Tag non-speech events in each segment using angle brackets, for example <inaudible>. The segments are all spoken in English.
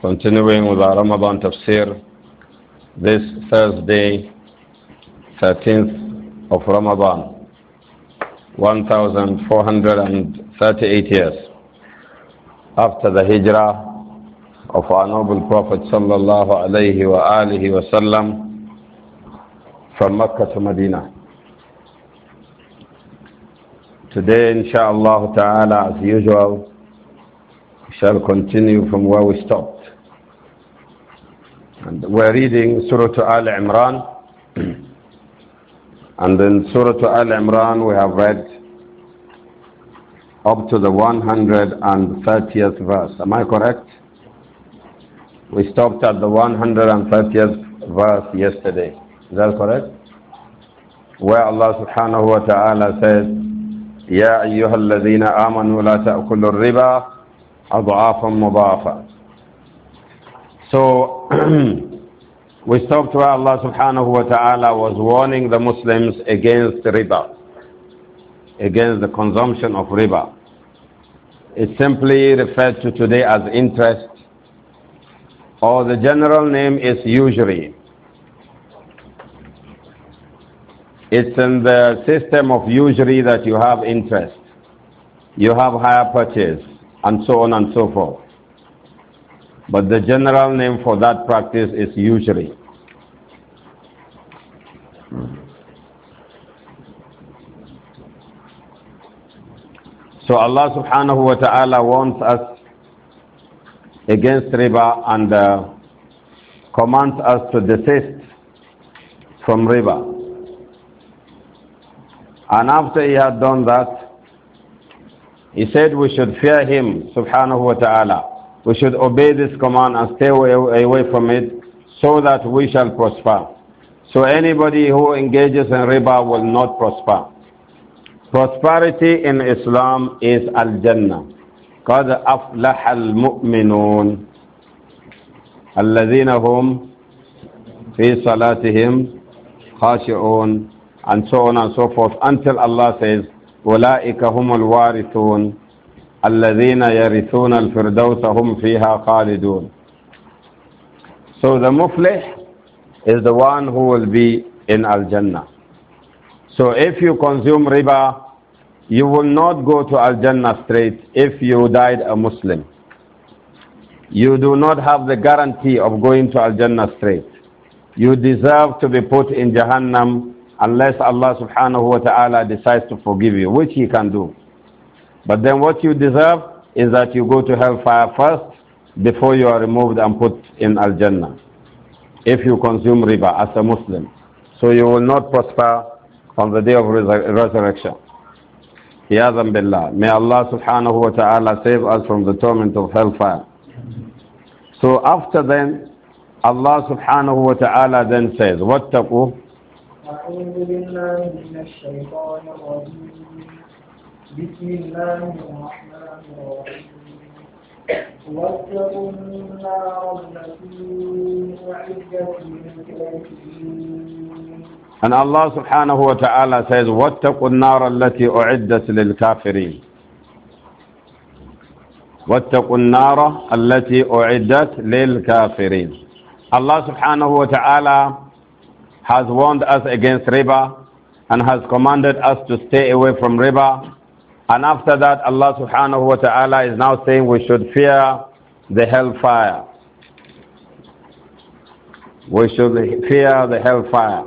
Continuing with our Ramadan tafsir this Thursday, 13th of Ramadan, 1438 years after the hijrah of our noble Prophet sallallahu alayhi wa alihi wasallam from Mecca to Medina. Today, inshallah ta'ala, as usual, we shall continue from where we stopped. And we're reading Surah Al Imran. <clears throat> and in Surah Al Imran we have read up to the 130th verse. Am I correct? We stopped at the 130th verse yesterday. Is that correct? Where Allah subhanahu wa ta'ala says, "Ya أيها الذين آمنوا لا تأكلوا الربا أضعافا مضاعفا so <clears throat> we stopped where Allah subhanahu wa ta'ala was warning the Muslims against riba, against the consumption of riba. It simply referred to today as interest, or the general name is usury. It's in the system of usury that you have interest, you have higher purchase, and so on and so forth. But the general name for that practice is usury. So Allah subhanahu wa ta'ala warns us against riba and uh, commands us to desist from riba. And after he had done that, he said we should fear him subhanahu wa ta'ala we should obey this command and stay away from it so that we shall prosper. So anybody who engages in riba will not prosper. Prosperity in Islam is al-Jannah. قد أفلح المؤمنون الذين هم في صلاتهم خاشعون and so on and so forth until Allah says أولئك هم الوارثون الذين يرثون الفردوس هم فيها خالدون So the muflih is the one who will be in Al-Jannah. So if you consume riba, you will not go to Al-Jannah straight if you died a Muslim. You do not have the guarantee of going to Al-Jannah straight. You deserve to be put in Jahannam unless Allah subhanahu wa ta'ala decides to forgive you, which He can do. But then what you deserve is that you go to hellfire first before you are removed and put in Al Jannah if you consume riba as a Muslim. So you will not prosper on the day of resur resurrection. Iyazam billah. May Allah subhanahu wa ta'ala save us from the torment of hellfire. So after then, Allah subhanahu wa ta'ala then says, What وَاتَّقُوا بسم الله الرحمن الرحيم واتقوا النار التي أعدت للكافرين أن الله سبحانه وتعالى سيد واتقوا النار التي أعدت للكافرين واتقوا النار التي أعدت للكافرين الله سبحانه وتعالى has warned us against riba and has commanded us to stay away from riba And after that, Allah subhanahu wa ta'ala is now saying we should fear the hellfire. We should fear the hellfire.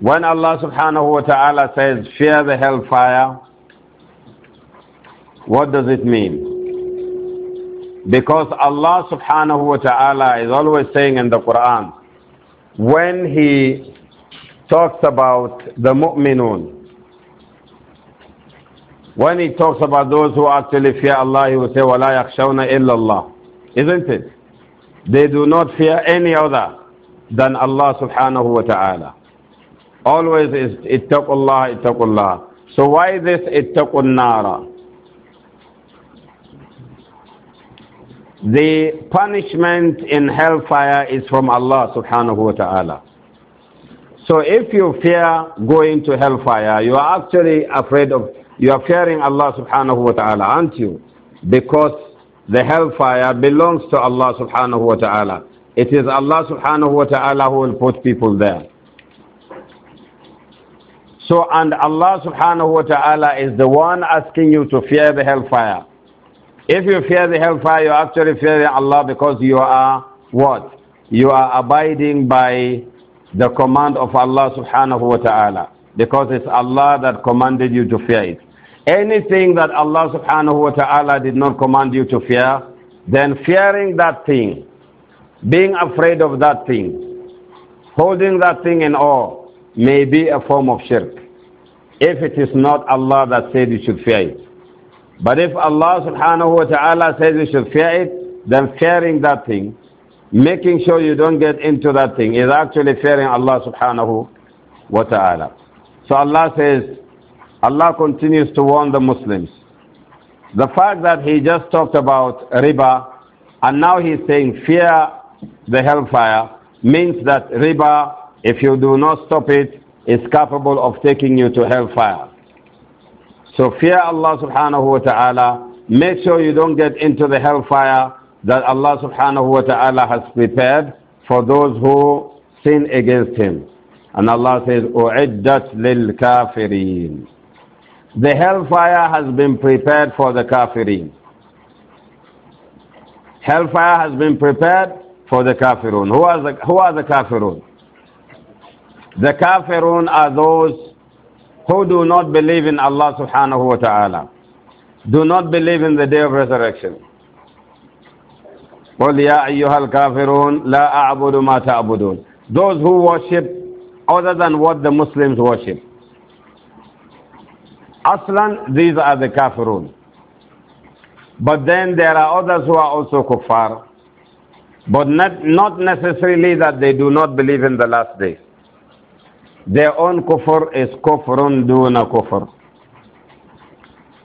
When Allah subhanahu wa ta'ala says, fear the hellfire, what does it mean? Because Allah subhanahu wa ta'ala is always saying in the Quran, when He talks about the mu'minun, when he talks about those who actually fear Allah, he will say, وَلَا يَخْشَوْنَ إِلَّا اللَّهِ Isn't it? They do not fear any other than Allah subhanahu wa ta'ala. Always is ittaqullah, ittaqullah. So why this ittaqun nara? The punishment in hellfire is from Allah subhanahu wa ta'ala. So if you fear going to hellfire, you are actually afraid of you are fearing Allah subhanahu wa ta'ala, aren't you? Because the hellfire belongs to Allah subhanahu wa ta'ala. It is Allah subhanahu wa ta'ala who will put people there. So, and Allah subhanahu wa ta'ala is the one asking you to fear the hellfire. If you fear the hellfire, you're actually fearing Allah because you are what? You are abiding by the command of Allah subhanahu wa ta'ala. Because it's Allah that commanded you to fear it. Anything that Allah subhanahu wa ta'ala did not command you to fear, then fearing that thing, being afraid of that thing, holding that thing in awe, may be a form of shirk. If it is not Allah that said you should fear it. But if Allah subhanahu wa ta'ala says you should fear it, then fearing that thing, making sure you don't get into that thing, is actually fearing Allah subhanahu wa ta'ala. So Allah says, Allah continues to warn the Muslims. The fact that he just talked about riba and now he's saying fear the hellfire means that riba, if you do not stop it, is capable of taking you to hellfire. So fear Allah subhanahu wa ta'ala. Make sure you don't get into the hellfire that Allah subhanahu wa ta'ala has prepared for those who sin against him. And Allah says, lil kafirin.'" The hellfire has been prepared for the kafirin. Hellfire has been prepared for the kafirun. Who are the, who are the kafirun? The kafirun are those who do not believe in Allah subhanahu wa ta'ala, do not believe in the day of resurrection. those who worship other than what the Muslims worship Aslan, these are the kafirun. But then there are others who are also kuffar, but not, not necessarily that they do not believe in the last day. Their own kufr is kufrun duna kufr.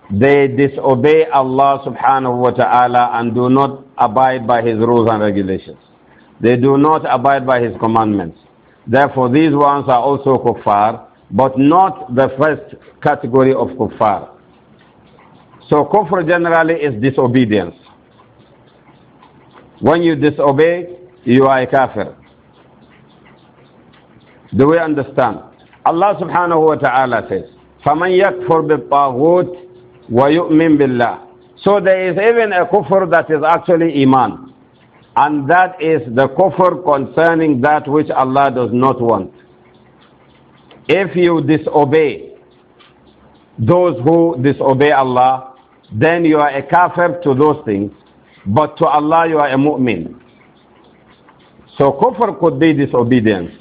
They disobey Allah subhanahu wa ta'ala and do not abide by His rules and regulations. They do not abide by His commandments. Therefore, these ones are also kuffar but not the first category of kuffar. So kufr generally is disobedience. When you disobey, you are a kafir. Do we understand? Allah subhanahu wa ta'ala says, فَمَنْ يَكْفُرْ بِالطَّاغُوتِ وَيُؤْمِنْ بِاللَّهِ So there is even a kufr that is actually iman. And that is the kufr concerning that which Allah does not want. If you disobey those who disobey Allah, then you are a kafir to those things, but to Allah you are a mu'min. So kufr could be disobedience.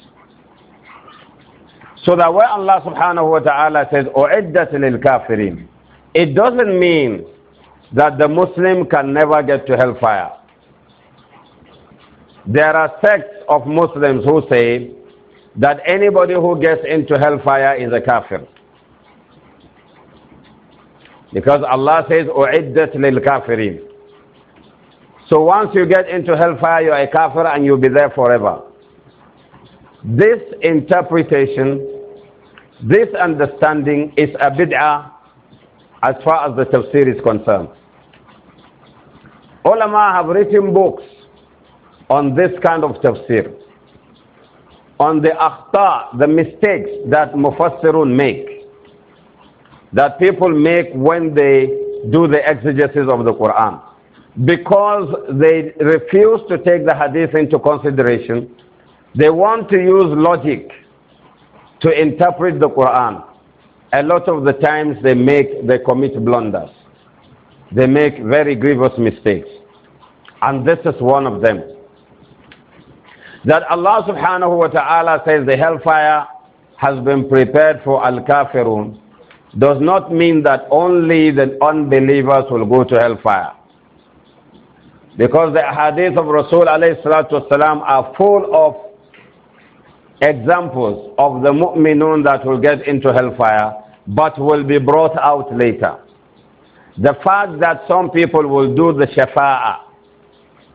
So that when Allah subhanahu wa ta'ala says, أُعِدَّتْ kafirin," It doesn't mean that the Muslim can never get to hellfire. There are sects of Muslims who say that anybody who gets into hellfire is a kafir. Because Allah says, lil kafirin." So once you get into hellfire, you're a kafir and you'll be there forever. This interpretation, this understanding is a bid'ah as far as the tafsir is concerned. Ulama have written books on this kind of tafsir on the akhta, the mistakes that mufassirun make, that people make when they do the exegesis of the Quran. Because they refuse to take the hadith into consideration, they want to use logic to interpret the Quran. A lot of the times they make, they commit blunders. They make very grievous mistakes. And this is one of them that Allah subhanahu wa ta'ala says the hellfire has been prepared for al-kafirun does not mean that only the unbelievers will go to hellfire. Because the hadith of Rasul alayhi are full of examples of the mu'minun that will get into hellfire but will be brought out later. The fact that some people will do the shafa'ah,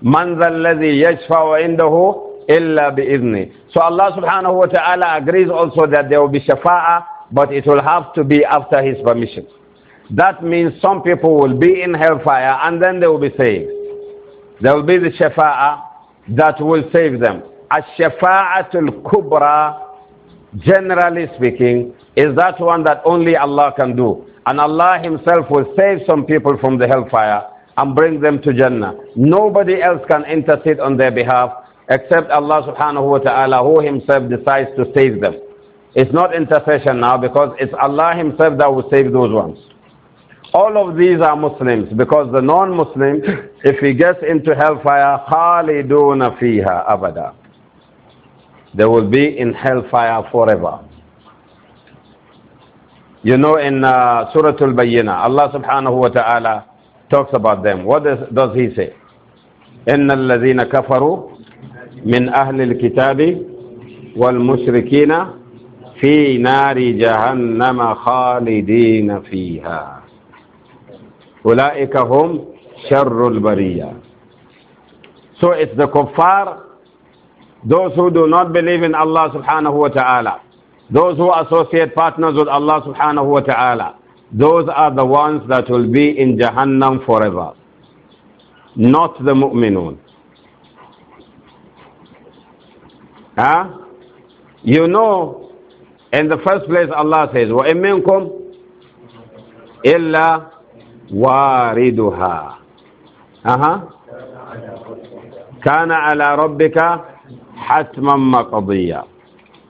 Man ذا الذي يشفع عنده so Allah subhanahu wa ta'ala agrees also that there will be shafa'ah, but it will have to be after His permission. That means some people will be in hellfire and then they will be saved. There will be the shafa'ah that will save them. Ash-shafa'atul kubra, generally speaking, is that one that only Allah can do. And Allah Himself will save some people from the hellfire and bring them to Jannah. Nobody else can intercede on their behalf except Allah subhanahu wa ta'ala who himself decides to save them. It's not intercession now because it's Allah himself that will save those ones. All of these are Muslims because the non-Muslim, <laughs> if he gets into hellfire, خَالِدُونَ فِيهَا abada, They will be in hellfire forever. You know in uh, Surah Al-Bayyinah, Allah subhanahu wa ta'ala talks about them. What does, does he say? إِنَّ الَّذِينَ كَفَرُوا من أهل الكتاب والمشركين في نار جهنم خالدين فيها أولئك هم شر البرية So it's the kuffar, those who do not believe in Allah subhanahu wa ta'ala, those who associate partners with Allah subhanahu wa ta'ala, those are the ones that will be in Jahannam forever. Not the mu'minun. Huh? You know, in the first place, Allah says, وَإِن مِّنكُمْ إِلَّا وَارِدُهَا أها كان على ربك حتما مقضيا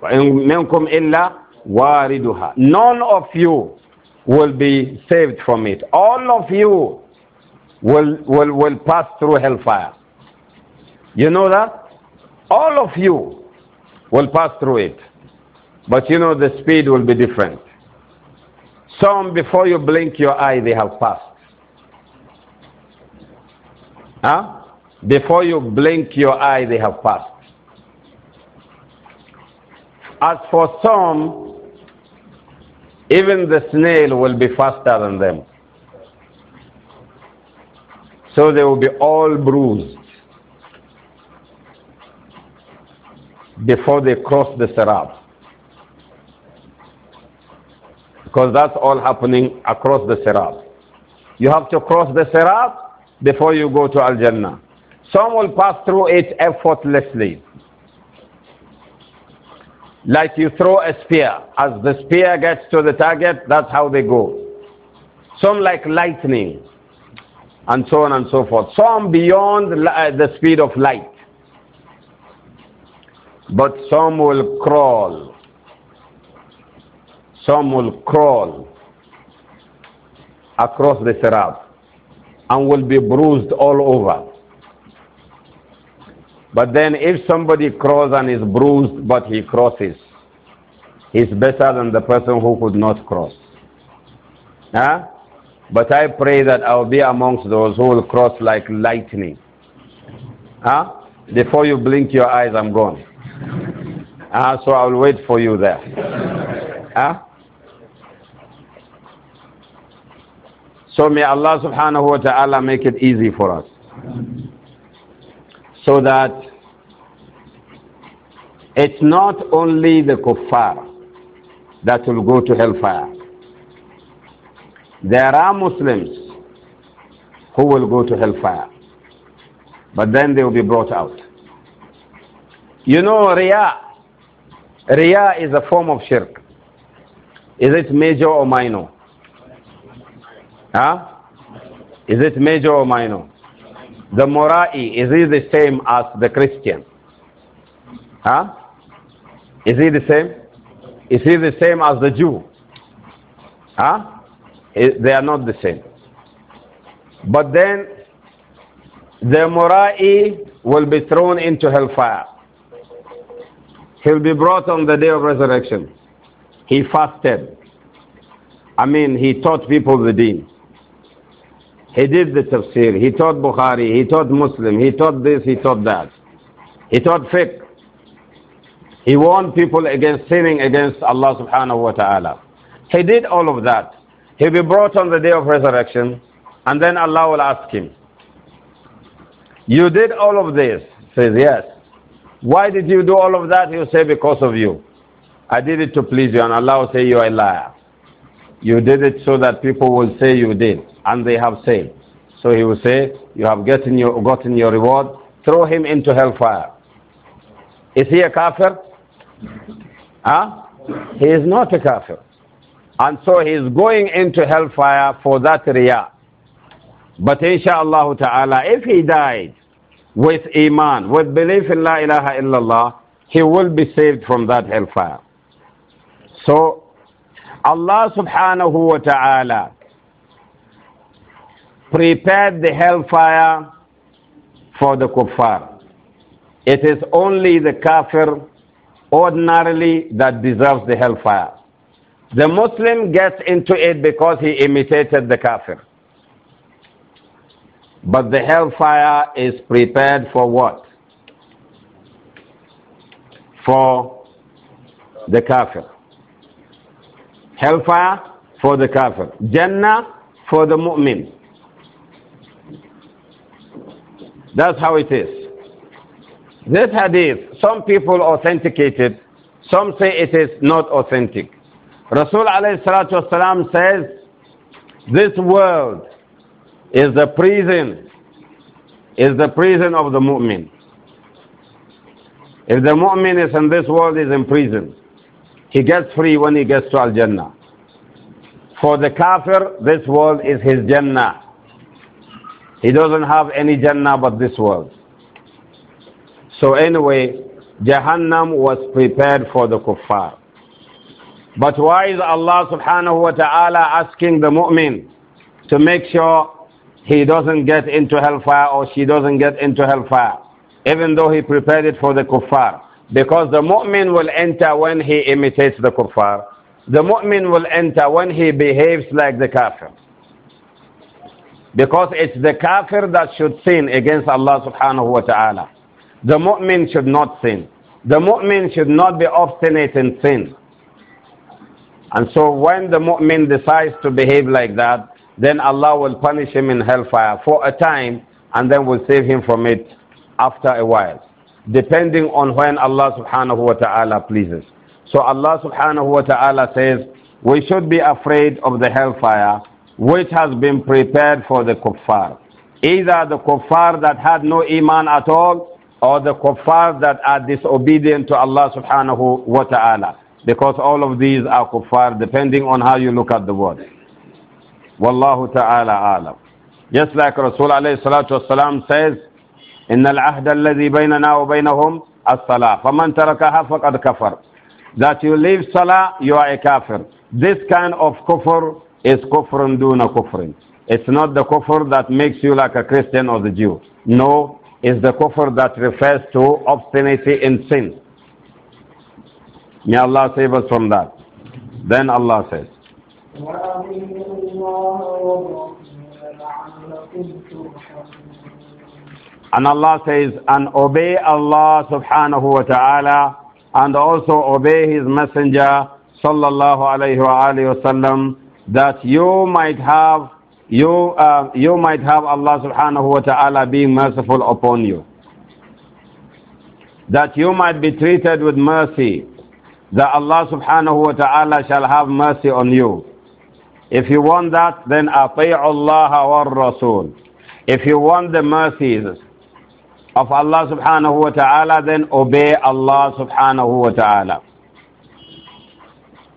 وإن منكم illa واردها uh-huh. none of you will be saved from it all of you will, will, will pass through hellfire you know that all of you will pass through it. But you know the speed will be different. Some, before you blink your eye, they have passed. Huh? Before you blink your eye, they have passed. As for some, even the snail will be faster than them. So they will be all bruised. before they cross the Sirat. Because that's all happening across the Sirat. You have to cross the Sirat before you go to Al Jannah. Some will pass through it effortlessly. Like you throw a spear. As the spear gets to the target, that's how they go. Some like lightning, and so on and so forth. Some beyond uh, the speed of light. But some will crawl. Some will crawl across the seraph and will be bruised all over. But then if somebody crawls and is bruised but he crosses, he's better than the person who could not cross. Huh? But I pray that I'll be amongst those who will cross like lightning. Huh? Before you blink your eyes, I'm gone. Ah, so I'll wait for you there. Ah? So may Allah subhanahu wa ta'ala make it easy for us. So that it's not only the kuffar that will go to hellfire. There are Muslims who will go to hellfire. But then they will be brought out. You know, Riyah Riya is a form of shirk. Is it major or minor? Huh? Is it major or minor? The Morai, is he the same as the Christian? Huh? Is he the same? Is he the same as the Jew? Huh? Eh, they are not the same. But then the Morai will be thrown into hellfire. He'll be brought on the day of resurrection. He fasted. I mean, he taught people the deen. He did the tafsir. He taught Bukhari. He taught Muslim. He taught this. He taught that. He taught fiqh. He warned people against sinning against Allah subhanahu wa ta'ala. He did all of that. He'll be brought on the day of resurrection, and then Allah will ask him, You did all of this? He says, Yes. Why did you do all of that? He'll say, Because of you. I did it to please you. And Allah will say, You are a liar. You did it so that people will say you did. And they have said. So he will say, You have gotten your, gotten your reward. Throw him into hellfire. Is he a kafir? Huh? He is not a kafir. And so he is going into hellfire for that riyah. But inshallah ta'ala, if he died with iman, with belief in la ilaha illallah, he will be saved from that hellfire. So, Allah subhanahu wa ta'ala prepared the hellfire for the kuffar. It is only the kafir ordinarily that deserves the hellfire. The Muslim gets into it because he imitated the kafir. But the hellfire is prepared for what? For the kafir. Hellfire for the kafir. Jannah for the mu'min. That's how it is. This hadith, some people authenticate it, some say it is not authentic. Rasul alayhi salatu says, This world is the prison, is the prison of the mu'min. If the mu'min is in this world, is in prison. He gets free when he gets to Al-Jannah. For the kafir, this world is his Jannah. He doesn't have any Jannah but this world. So anyway, Jahannam was prepared for the kuffar. But why is Allah subhanahu wa ta'ala asking the mu'min to make sure he doesn't get into hellfire or she doesn't get into hellfire, even though he prepared it for the kuffar. Because the mu'min will enter when he imitates the kuffar. The mu'min will enter when he behaves like the kafir. Because it's the kafir that should sin against Allah subhanahu wa ta'ala. The mu'min should not sin. The mu'min should not be obstinate in sin. And so when the mu'min decides to behave like that, then Allah will punish him in hellfire for a time and then will save him from it after a while, depending on when Allah subhanahu wa ta'ala pleases. So Allah subhanahu wa ta'ala says, we should be afraid of the hellfire which has been prepared for the kuffar. Either the kuffar that had no iman at all or the kuffar that are disobedient to Allah subhanahu wa ta'ala. Because all of these are kuffar depending on how you look at the word. والله تعالى alam. Just like Rasul alayhi salatu wasalam says, إن العهد الذي بيننا وبينهم الصلاة فمن تركها فقد كفر That you leave صلاة you are a kafir. This kind of kufr is kufrun duna kufrin. It's not the kufr that makes you like a Christian or the Jew. No, it's the kufr that refers to obstinacy in sin. May Allah save us from that. Then Allah says, And Allah says, and obey Allah subhanahu wa ta'ala and also obey His Messenger sallallahu alayhi wa sallam that you might have you, uh, you might have Allah subhanahu wa ta'ala being merciful upon you. That you might be treated with mercy. That Allah subhanahu wa ta'ala shall have mercy on you. If you want that, then أطيعوا الله والرسول. If you want the mercies of Allah subhanahu wa ta'ala, then obey Allah subhanahu wa ta'ala.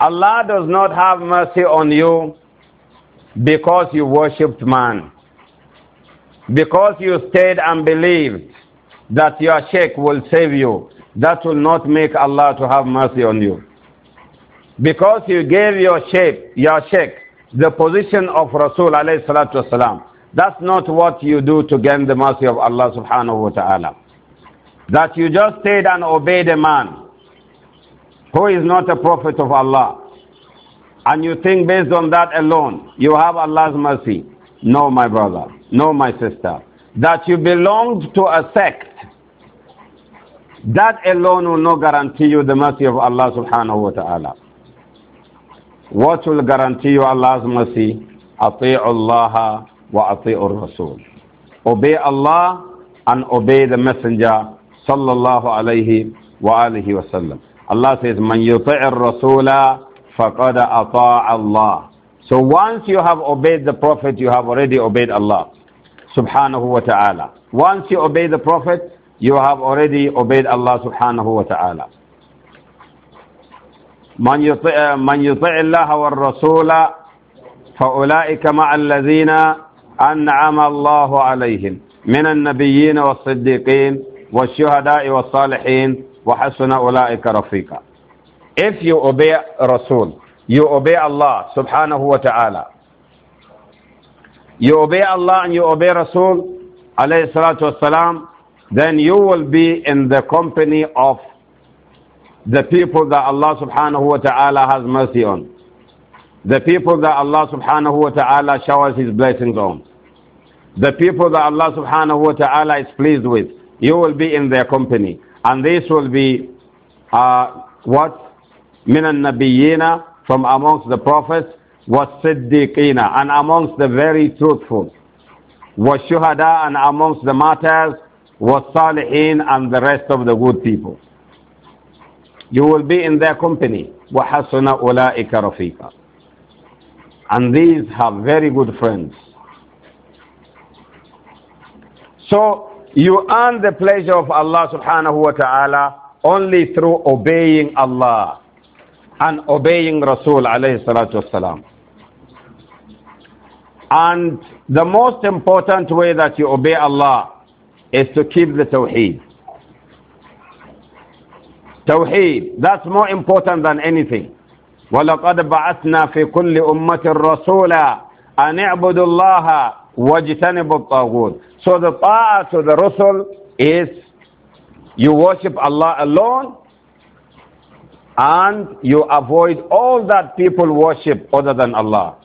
Allah does not have mercy on you because you worshipped man, because you stayed and believed that your sheikh will save you. That will not make Allah to have mercy on you. Because you gave your sheikh, your sheikh the position of Rasul alayhi salatu wasalam. That's not what you do to gain the mercy of Allah subhanahu wa ta'ala. That you just stayed and obeyed a man who is not a prophet of Allah. And you think based on that alone, you have Allah's mercy. No, my brother. No, my sister. That you belonged to a sect. That alone will not guarantee you the mercy of Allah subhanahu wa ta'ala. What will guarantee you Allah's mercy? Allah wa Rasul. Obey Allah and obey the Messenger sallallahu alayhi wa alihi wasallam. Allah says, Man yuti'ir Rasula faqad ata'a Allah. So once you have obeyed the Prophet, you have already obeyed Allah subhanahu wa ta'ala. Once you obey the Prophet, you have already obeyed Allah subhanahu wa ta'ala. من يطع من يطع الله والرسول فأولئك مع الذين أنعم الله عليهم من النبيين والصديقين والشهداء والصالحين وحسن أولئك رفيقا If you obey رسول you obey Allah سبحانه وتعالى. You obey Allah and you obey رسول عليه الصلاة والسلام then you will be in the company of the people that Allah subhanahu wa ta'ala has mercy on, the people that Allah subhanahu wa ta'ala showers His blessings on, the people that Allah subhanahu wa ta'ala is pleased with, you will be in their company. And this will be uh, what? Minan Nabiyina from amongst the prophets, was Siddiqina and amongst the very truthful, was Shuhada and amongst the martyrs, was Salihin and the rest of the good people. You will be in their company. وَحَسُنَ أُولَٰئِكَ رَفِيقًا And these have very good friends. So you earn the pleasure of Allah subhanahu wa ta'ala only through obeying Allah and obeying Rasul alayhi salatu wasalam. And the most important way that you obey Allah is to keep the Tawheed. Tawheed. That's more important than anything. وَلَقَدْ بَعَثْنَا فِي كُلِّ أُمَّةٍ رَسُولًا أَنِ اعْبُدُوا اللَّهَ وَاجْتَنِبُوا الطَّاغُوتِ So the path to the Rasul is you worship Allah alone and you avoid all that people worship other than Allah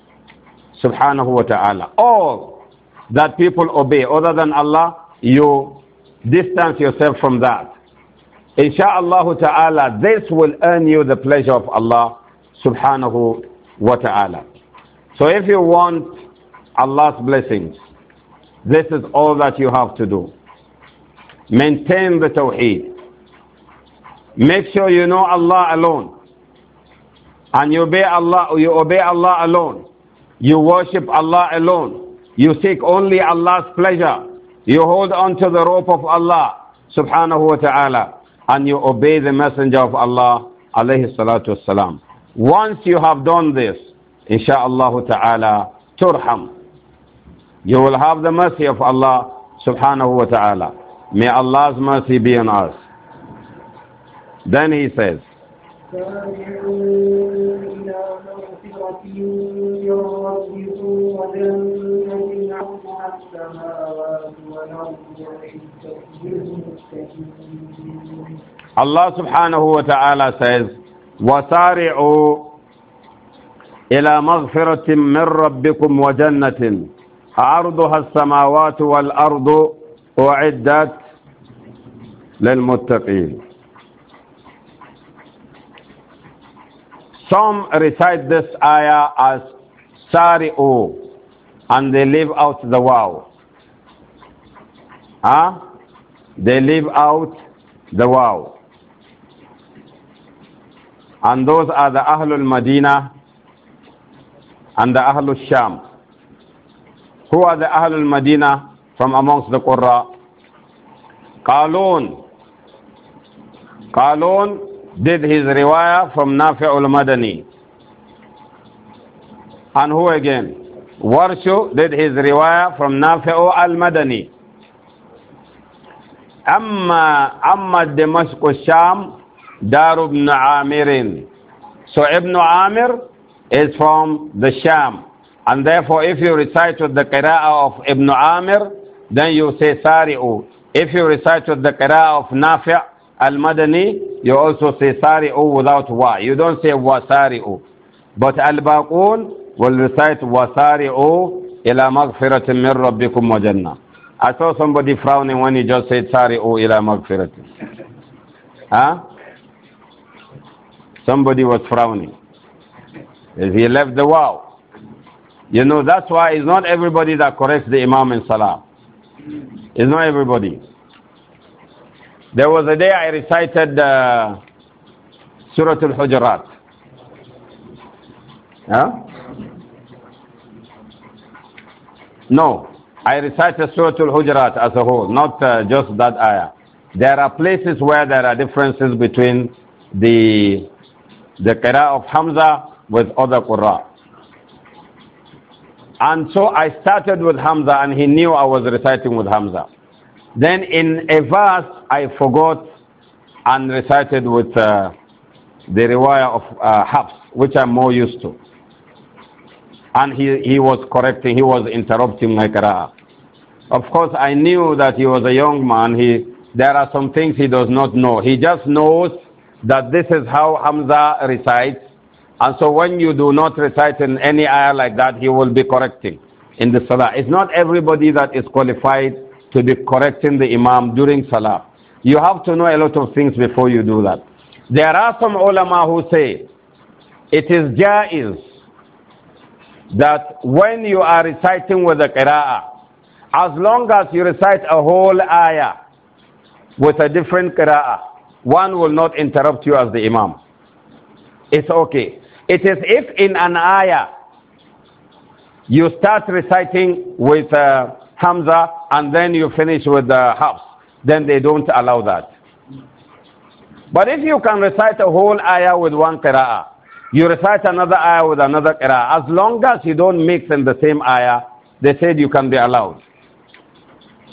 subhanahu wa ta'ala. All that people obey other than Allah, you distance yourself from that. Insha'Allah ta'ala, this will earn you the pleasure of Allah subhanahu wa ta'ala. So if you want Allah's blessings, this is all that you have to do. Maintain the Tawheed. Make sure you know Allah alone. And you obey Allah, you obey Allah alone. You worship Allah alone. You seek only Allah's pleasure. You hold on to the rope of Allah subhanahu wa ta'ala and you obey the Messenger of Allah alayhi salatu wasalam. Once you have done this, insha'Allah ta'ala, turham. You will have the mercy of Allah subhanahu wa ta'ala. May Allah's mercy be on us. Then he says, إلى مغفرة وجنة السماوات والأرض الله سبحانه وتعالى says وسارعوا إلى مغفرة من ربكم وجنة عرضها السماوات والأرض أعدت للمتقين Some recite this ayah as Sari'u and they leave out the wow. Ah, huh? They leave out the wow. And those are the Ahlul Madinah and the Ahlul Sham. Who are the Ahlul Madinah from amongst the Qurra? Qalun. Qalun did his riwayah from Nafi' al-Madani. And who again? Warshu did his riwayah from Nafi' al-Madani. أما أما دمشق الشام دار ابن عامر So Ibn Amir is from the Sham. And therefore, if you recite with the Qur'an of Ibn Amir, then you say Sari'u. If you recite with the Qur'an of Nafi', Al-Madani, you also say Sari'u without wa. You don't say Wasari'u. But Al-Baqun will recite Wasari'u ila maghfiratin min rabbikum wa jannah. I saw somebody frowning when he just said Sari'u ila maghfiratin. Huh? Somebody was frowning. He left the wow. You know, that's why it's not everybody that corrects the Imam in Salah. It's not everybody. There was a day I recited uh, Surah Al-Hujurat. Huh? No, I recited Surah Al-Hujurat as a whole, not uh, just that ayah. There are places where there are differences between the the qira of Hamza with other qurra. And so I started with Hamza and he knew I was reciting with Hamza. Then in a verse, I forgot and recited with uh, the riwayah of uh, Hafs, which I'm more used to. And he, he was correcting, he was interrupting my qira'ah. Of course, I knew that he was a young man. He, there are some things he does not know. He just knows that this is how Hamza recites. And so when you do not recite in any ayah like that, he will be correcting in the salah. It's not everybody that is qualified to be correcting the imam during salah. You have to know a lot of things before you do that. There are some ulama who say it is jaiz that when you are reciting with the qira'ah, as long as you recite a whole ayah with a different qira'ah, one will not interrupt you as the imam. It's okay. It is if in an ayah you start reciting with uh, Hamza, and then you finish with the Hafs. Then they don't allow that. But if you can recite a whole ayah with one qira'ah, you recite another ayah with another qira'ah, as long as you don't mix in the same ayah, they said you can be allowed.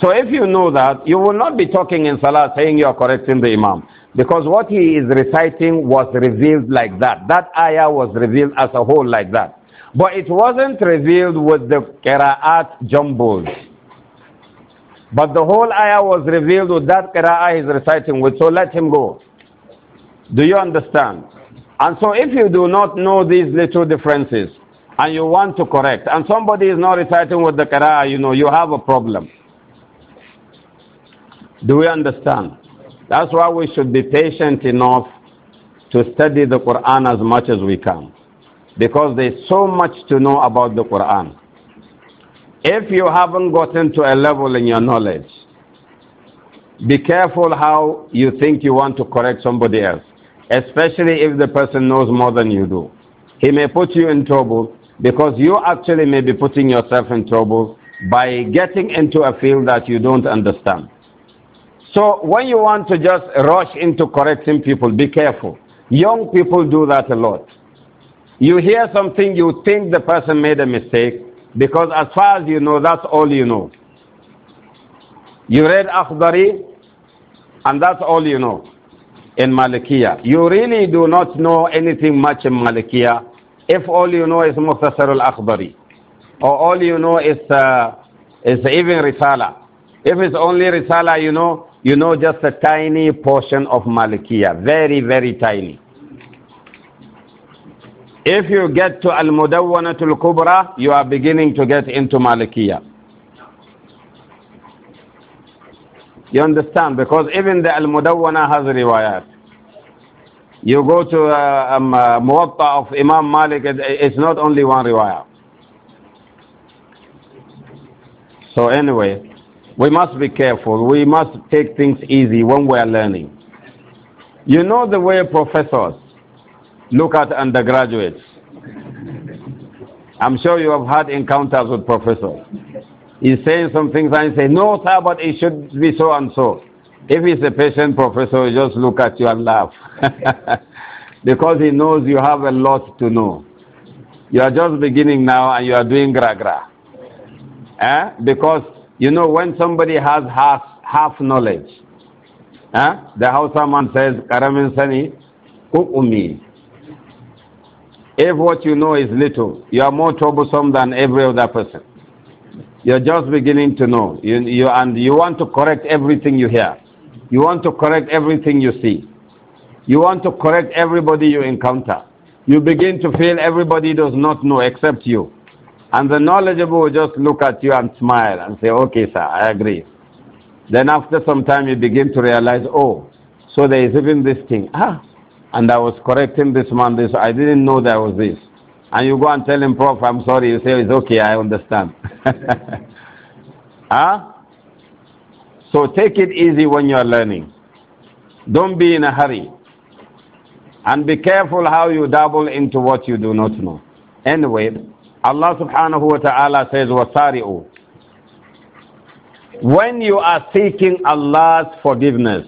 So if you know that, you will not be talking in salah saying you are correcting the imam. Because what he is reciting was revealed like that. That ayah was revealed as a whole like that. But it wasn't revealed with the qira'at jumbled. But the whole ayah was revealed with that qira'ah he's reciting with, so let him go. Do you understand? And so if you do not know these little differences and you want to correct, and somebody is not reciting with the qira'ah, you know, you have a problem. Do we understand? That's why we should be patient enough to study the Quran as much as we can. Because there's so much to know about the Quran. If you haven't gotten to a level in your knowledge, be careful how you think you want to correct somebody else, especially if the person knows more than you do. He may put you in trouble because you actually may be putting yourself in trouble by getting into a field that you don't understand. So when you want to just rush into correcting people, be careful. Young people do that a lot. You hear something, you think the person made a mistake, because as far as you know, that's all you know. You read Akhbari, and that's all you know in Malikiya. You really do not know anything much in Malikiya if all you know is Mukhtasar al-Akhbari, or all you know is, uh, is even Risala. If it's only Risala, you know, you know just a tiny portion of Malikiya, very, very tiny. If you get to Al-Mudawwanatul Kubra, you are beginning to get into Malikiya. You understand? Because even the Al-Mudawwana has riwayat. You go to uh, um, uh, Muwatta of Imam Malik, it, it's not only one riwayat. So anyway, we must be careful. We must take things easy when we are learning. You know the way professors, Look at undergraduates. I'm sure you have had encounters with professors. He's saying some things and he say, No, sir, but it should be so and so. If he's a patient professor, he just look at you and laugh. <laughs> because he knows you have a lot to know. You are just beginning now and you are doing gra gra. Eh? Because, you know, when somebody has half, half knowledge, eh? the house man says, Karamin Sani, Umi. If what you know is little, you are more troublesome than every other person. You're just beginning to know, you, you, and you want to correct everything you hear. You want to correct everything you see. You want to correct everybody you encounter. You begin to feel everybody does not know except you. And the knowledgeable will just look at you and smile and say, okay, sir, I agree. Then after some time, you begin to realize, oh, so there is even this thing. Ah, and I was correcting this man this, I didn't know there was this. And you go and tell him, Prof, I'm sorry, you say, it's okay, I understand. <laughs> huh? So take it easy when you are learning. Don't be in a hurry. And be careful how you dabble into what you do not know. Anyway, Allah subhanahu wa ta'ala says, Wasariu. When you are seeking Allah's forgiveness,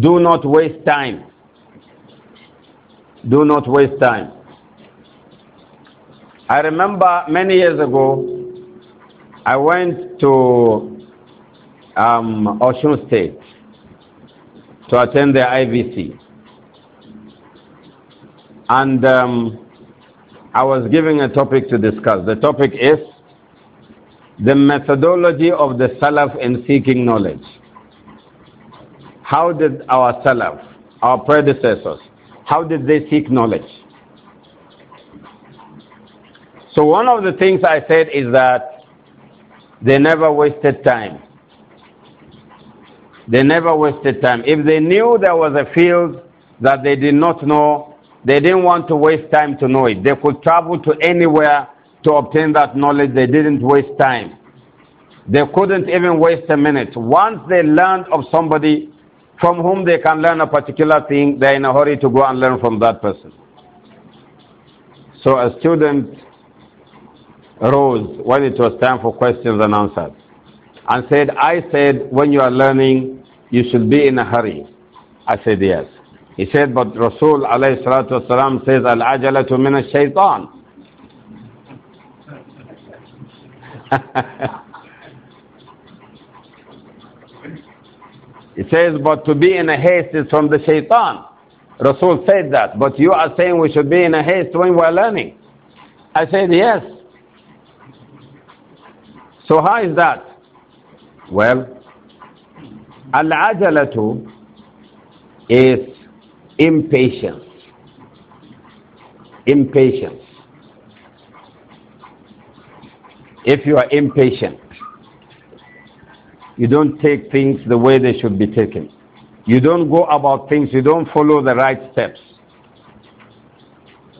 do not waste time. Do not waste time. I remember many years ago, I went to um, Ocean State to attend the IVC. And um, I was given a topic to discuss. The topic is the methodology of the Salaf in seeking knowledge. How did our Salaf, our predecessors, how did they seek knowledge? So one of the things I said is that they never wasted time. They never wasted time. If they knew there was a field that they did not know, they didn't want to waste time to know it. They could travel to anywhere to obtain that knowledge. They didn't waste time. They couldn't even waste a minute. Once they learned of somebody, from whom they can learn a particular thing, they are in a hurry to go and learn from that person. So a student rose when it was time for questions and answers and said, I said, when you are learning, you should be in a hurry. I said, yes. He said, but Rasul alayhi salatu wasalam says, Al-ajalatu min shaitan <laughs> <laughs> It says, but to be in a haste is from the shaitan. Rasul said that, but you are saying we should be in a haste when we're learning. I said, yes. So how is that? Well, al-ajalatu is impatience. Impatience. If you are impatient, you don't take things the way they should be taken. You don't go about things, you don't follow the right steps.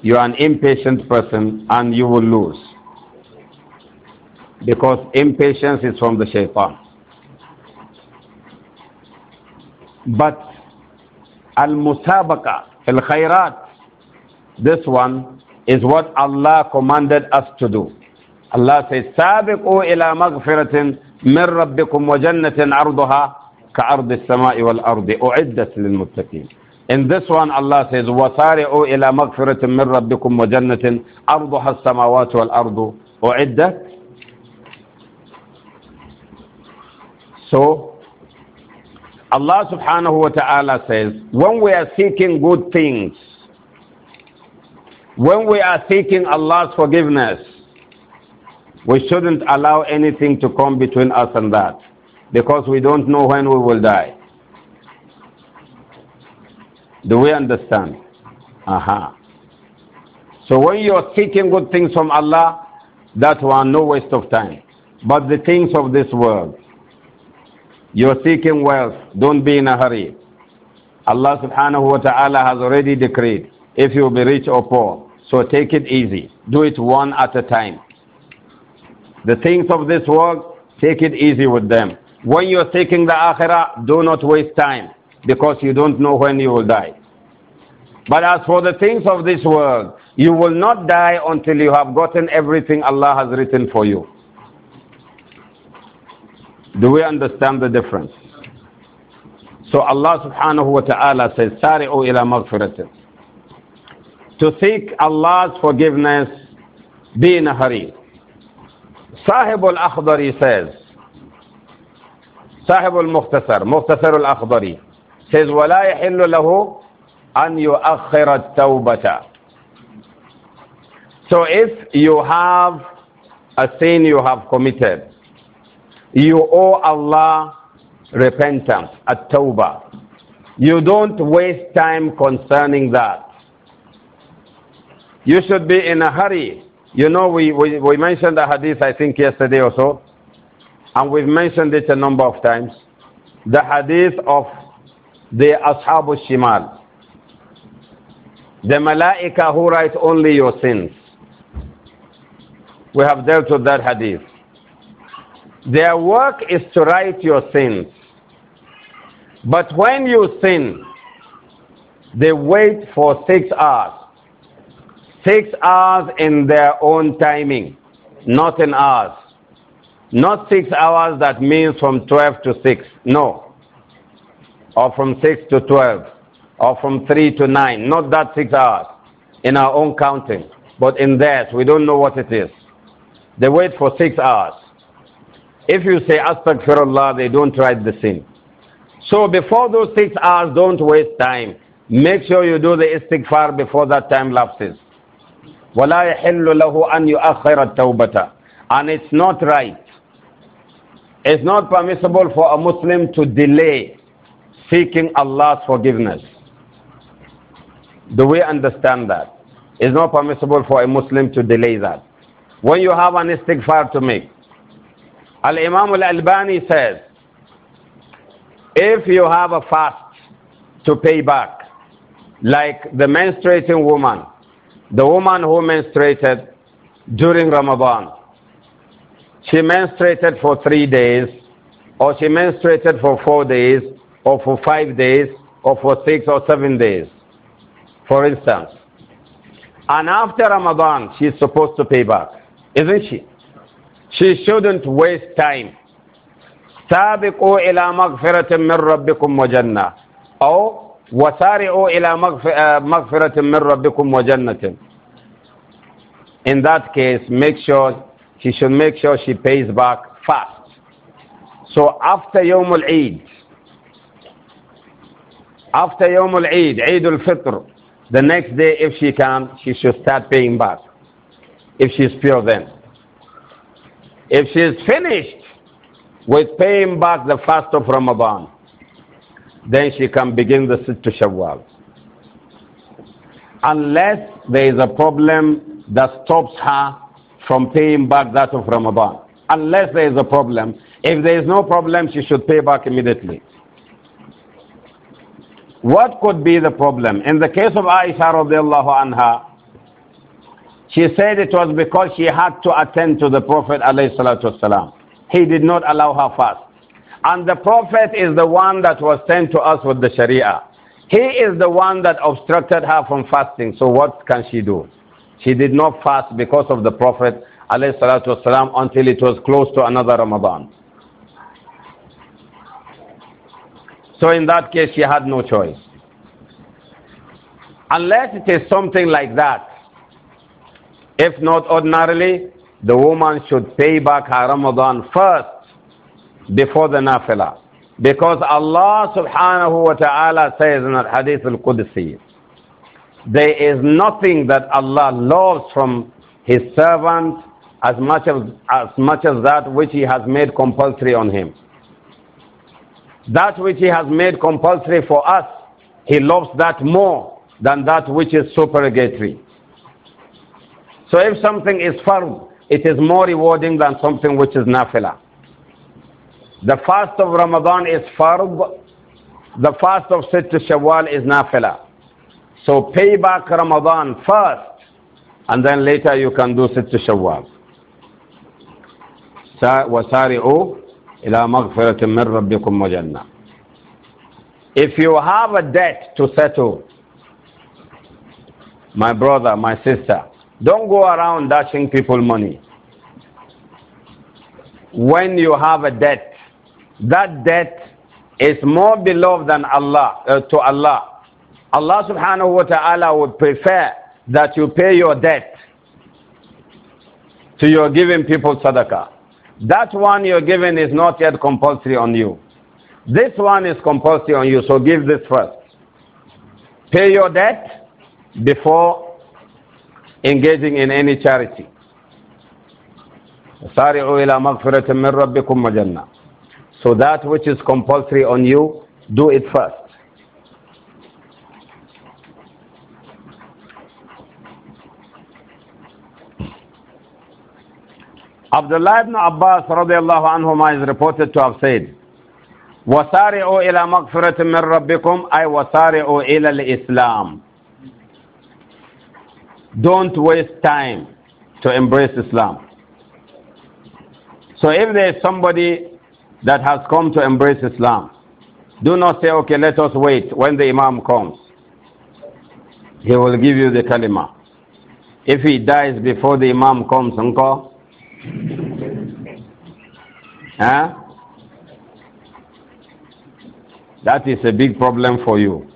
You are an impatient person and you will lose. Because impatience is from the shaitan. But al musabaka al khairat, this one is what Allah commanded us to do. Allah says, سابقوا إلى magfiratin." من ربكم وجنة عرضها كعرض السماء والأرض أعدت للمتقين In this one Allah says وَسَارِعُوا إِلَى مَغْفِرَةٍ مِّن رَبِّكُمْ وَجَنَّةٍ عَرْضُهَا السَّمَاوَاتُ وَالْأَرْضُ أُعِدَّتْ So Allah subhanahu wa ta'ala says when we are seeking good things when we are seeking Allah's forgiveness We shouldn't allow anything to come between us and that because we don't know when we will die. Do we understand? Aha. So when you are seeking good things from Allah, that one no waste of time. But the things of this world, you are seeking wealth, don't be in a hurry. Allah subhanahu wa ta'ala has already decreed if you will be rich or poor. So take it easy. Do it one at a time. The things of this world, take it easy with them. When you're taking the akhirah, do not waste time because you don't know when you will die. But as for the things of this world, you will not die until you have gotten everything Allah has written for you. Do we understand the difference? So Allah subhanahu wa ta'ala says, Sari'u ila maghfiratin. To seek Allah's forgiveness, be in a hurry. Sahib al-Akhdari says, Sahib al-Mukhtasar, Mukhtasar al-Akhdari, says, وَلَا يَحِلُّ لَهُ أَنْ يُؤَخِّرَ التَّوْبَةَ So if you have a sin you have committed, you owe Allah repentance, at tawbah. You don't waste time concerning that. You should be in a hurry you know, we, we, we mentioned the hadith, I think, yesterday or so, and we've mentioned it a number of times. The hadith of the Ashab Shimal. The Malaika who write only your sins. We have dealt with that hadith. Their work is to write your sins. But when you sin, they wait for six hours Six hours in their own timing, not in ours. Not six hours that means from 12 to 6. No. Or from 6 to 12. Or from 3 to 9. Not that six hours. In our own counting. But in theirs, we don't know what it is. They wait for six hours. If you say Astaghfirullah, they don't write the sin. So before those six hours, don't waste time. Make sure you do the istighfar before that time lapses. وَلَا يَحِلُّ لَهُ أَنْ يُؤَخِّرَ التَّوْبَةَ And it's not right. It's not permissible for a Muslim to delay seeking Allah's forgiveness. Do we understand that? It's not permissible for a Muslim to delay that. When you have an istighfar to make, Al Imam Al Albani says, if you have a fast to pay back, like the menstruating woman, the woman who menstruated during Ramadan, she menstruated for three days, or she menstruated for four days, or for five days, or for six or seven days, for instance. And after Ramadan, she's supposed to pay back, isn't she? She shouldn't waste time. سابقوا إلى مغفرة من ربكم وجنة أو وَسَارِعُوا إِلَى مِّن رَبِّكُمْ In that case, make sure, she should make sure she pays back fast. So after Yom al-Eid, after Yom al-Eid, Eid al-Fitr, the next day if she can, she should start paying back. If she's pure then. If she's finished with paying back the fast of Ramadan, then she can begin the Sittu Shawwal. Unless there is a problem that stops her from paying back that of Ramadan. Unless there is a problem. If there is no problem, she should pay back immediately. What could be the problem? In the case of Aisha radiallahu anha, she said it was because she had to attend to the Prophet alayhi salatu wasalam. He did not allow her fast. And the Prophet is the one that was sent to us with the Sharia. He is the one that obstructed her from fasting. So what can she do? She did not fast because of the Prophet والسلام, until it was close to another Ramadan. So in that case, she had no choice. Unless it is something like that. If not ordinarily, the woman should pay back her Ramadan first before the nafila. Because Allah subhanahu wa ta'ala says in the Hadith al-Qudsi, there is nothing that Allah loves from His servant as much as, as much as that which He has made compulsory on Him. That which He has made compulsory for us, He loves that more than that which is supererogatory. So if something is firm, it is more rewarding than something which is nafila. The fast of Ramadan is farb. The fast of Sitt Shawwal is nafila. So pay back Ramadan first, and then later you can do Sitt Shawwal. وسارعوا إلى مغفرة من ربكم وجنة. If you have a debt to settle, my brother, my sister, don't go around dashing people money. When you have a debt, that debt is more beloved than Allah uh, to Allah. Allah subhanahu wa ta'ala would prefer that you pay your debt to your giving people sadaqah. That one you're giving is not yet compulsory on you. This one is compulsory on you, so give this first. Pay your debt before engaging in any charity. سارعوا إلى مغفرة من ربكم وجنة so that which is compulsory on you, do it first. Abdullah ibn Abbas radiallahu anhuma is reported to have said, وسارعوا إلى مغفرة من ربكم أي وسارعوا إلى الإسلام Don't waste time to embrace Islam. So if there is somebody that has come to embrace Islam. Do not say, okay, let us wait when the Imam comes. He will give you the kalima. If he dies before the Imam comes, unko? Huh? That is a big problem for you.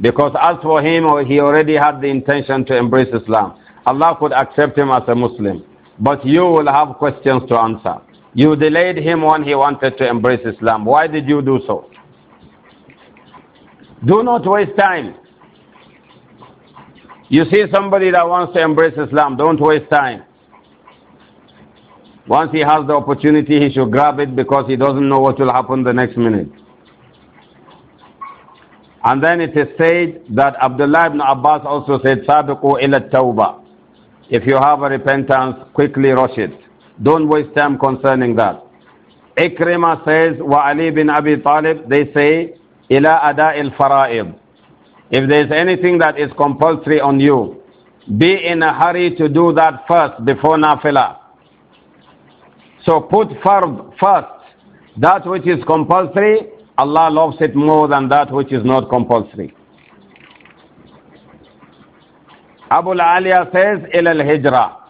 Because as for him, he already had the intention to embrace Islam. Allah could accept him as a Muslim. But you will have questions to answer. You delayed him when he wanted to embrace Islam. Why did you do so? Do not waste time. You see somebody that wants to embrace Islam, don't waste time. Once he has the opportunity, he should grab it because he doesn't know what will happen the next minute. And then it is said that Abdullah ibn Abbas also said, Sabiqu ila tawbah. If you have a repentance, quickly rush it. Don't waste time concerning that. Ikrima says, Wa Ali bin Abi Talib, they say, Ila ada il fara'ib. If there is anything that is compulsory on you, be in a hurry to do that first before nafilah. So put fard first. That which is compulsory, Allah loves it more than that which is not compulsory. Abu Aliya says, Ila al-hijrah.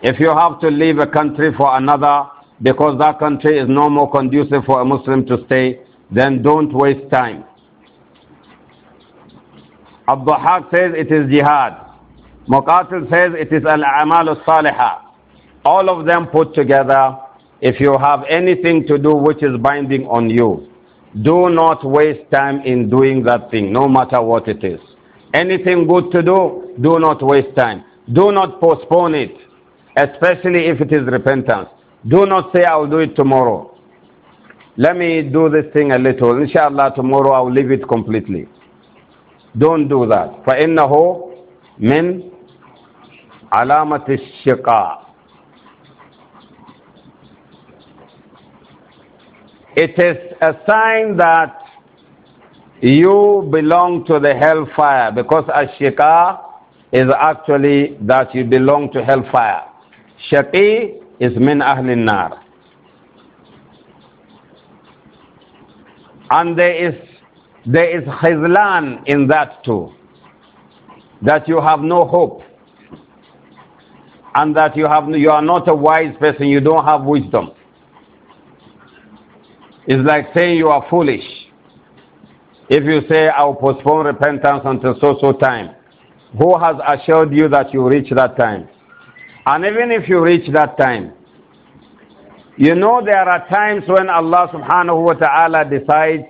If you have to leave a country for another because that country is no more conducive for a Muslim to stay, then don't waste time. Abu haq says it is jihad. Muqatil says it is al-salihah. All of them put together, if you have anything to do which is binding on you, do not waste time in doing that thing, no matter what it is. Anything good to do, do not waste time. Do not postpone it especially if it is repentance. Do not say, I'll do it tomorrow. Let me do this thing a little. Inshallah, tomorrow I'll leave it completely. Don't do that. فَإِنَّهُ مِنْ عَلَامَةِ الشِّقَاءِ It is a sign that you belong to the hellfire because ashika is actually that you belong to hellfire. Shaqi is min ahlin nar. And there is, there is khizlan in that too. That you have no hope. And that you, have, you are not a wise person, you don't have wisdom. It's like saying you are foolish. If you say, I'll postpone repentance until so so time, who has assured you that you reach that time? And even if you reach that time, you know there are times when Allah subhanahu wa ta'ala decides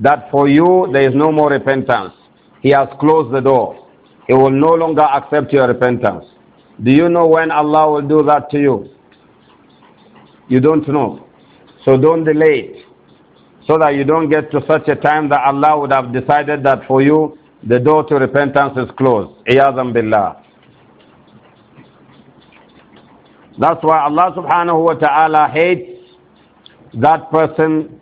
that for you there is no more repentance. He has closed the door. He will no longer accept your repentance. Do you know when Allah will do that to you? You don't know. So don't delay it. So that you don't get to such a time that Allah would have decided that for you the door to repentance is closed. Iyazam billah. That's why Allah subhanahu wa ta'ala hates that person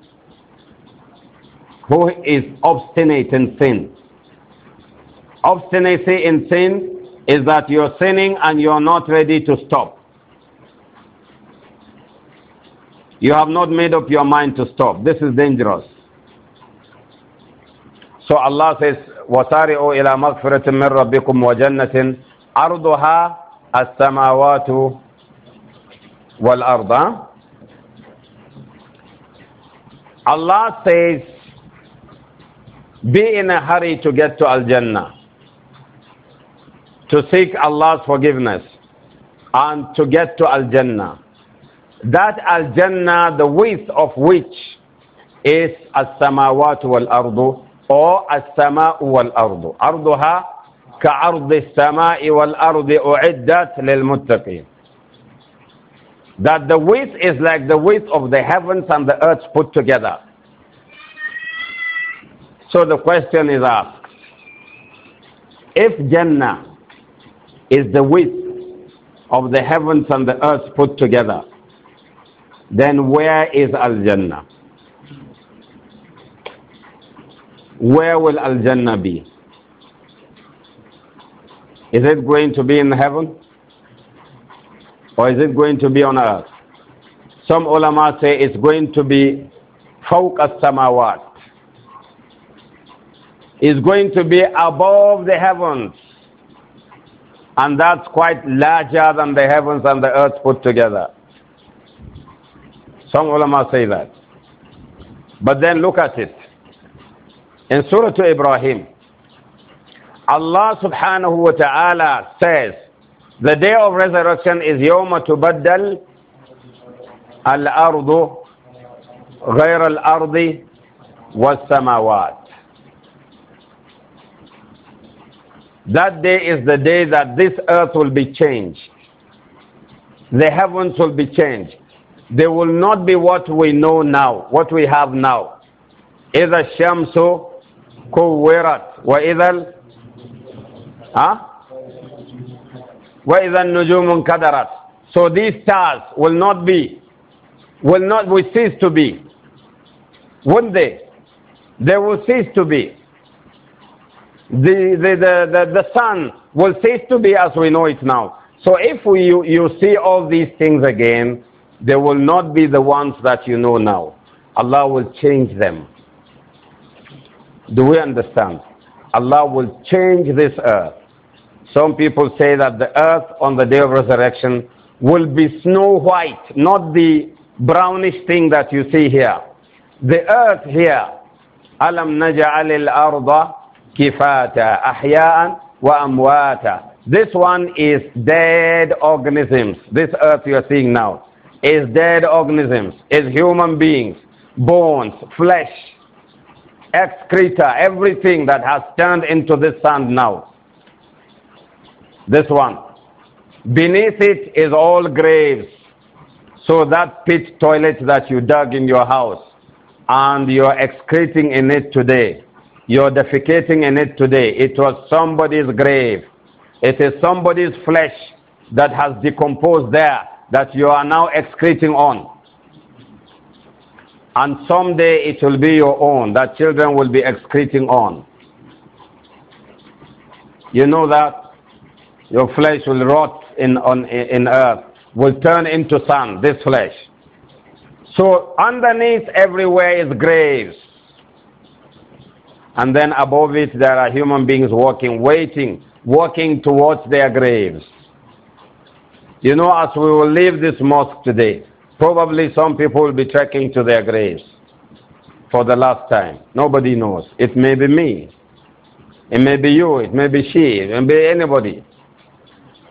who is obstinate in sin. Obstinacy in sin is that you're sinning and you're not ready to stop. You have not made up your mind to stop. This is dangerous. So Allah says, وَسَارِعُوا إِلَى مَغْفِرَةٍ مِّن رَّبِّكُمْ وَجَنَّةٍ عَرْضُهَا السَّمَاوَاتُ والأرض Allah says, be in a hurry to get to Al-Jannah, to seek Allah's forgiveness, and to get to Al-Jannah. That Al-Jannah, the width of which is As-Samawat wal-Ardu, or As-Sama'u wal-Ardu. أرضها wal السماء والأرض أعدت muttaqin that the width is like the width of the heavens and the earth put together. So the question is asked if Jannah is the width of the heavens and the earth put together, then where is Al Jannah? Where will Al Jannah be? Is it going to be in heaven? Or is it going to be on earth? Some ulama say it's going to be fawq as-samawat. It's going to be above the heavens. And that's quite larger than the heavens and the earth put together. Some ulama say that. But then look at it. In Surah to Ibrahim, Allah subhanahu wa ta'ala says, the day of resurrection is يوم تبدل الأرض غير الأرض والسماوات. That day is the day that this earth will be changed. The heavens will be changed. They will not be what we know now, what we have now. إذا الشمس كورت وإذا ها وَإِذَا النُّجُومُ انْكَدَرَتْ So these stars will not be, will not, will cease to be. Wouldn't they? They will cease to be. The, the, the, the, the sun will cease to be as we know it now. So if we, you, you see all these things again, they will not be the ones that you know now. Allah will change them. Do we understand? Allah will change this earth. Some people say that the earth on the day of resurrection will be snow white, not the brownish thing that you see here. The earth here, alam al arda kifata كِفَاتًا wa amwata. This one is dead organisms. This earth you are seeing now is dead organisms, is human beings, bones, flesh, excreta, everything that has turned into this sand now. This one. Beneath it is all graves. So that pit toilet that you dug in your house and you're excreting in it today, you're defecating in it today, it was somebody's grave. It is somebody's flesh that has decomposed there that you are now excreting on. And someday it will be your own that children will be excreting on. You know that? Your flesh will rot in, on, in earth, will turn into sand, this flesh. So underneath everywhere is graves. And then above it there are human beings walking, waiting, walking towards their graves. You know, as we will leave this mosque today, probably some people will be trekking to their graves for the last time. Nobody knows. It may be me. It may be you. It may be she. It may be anybody.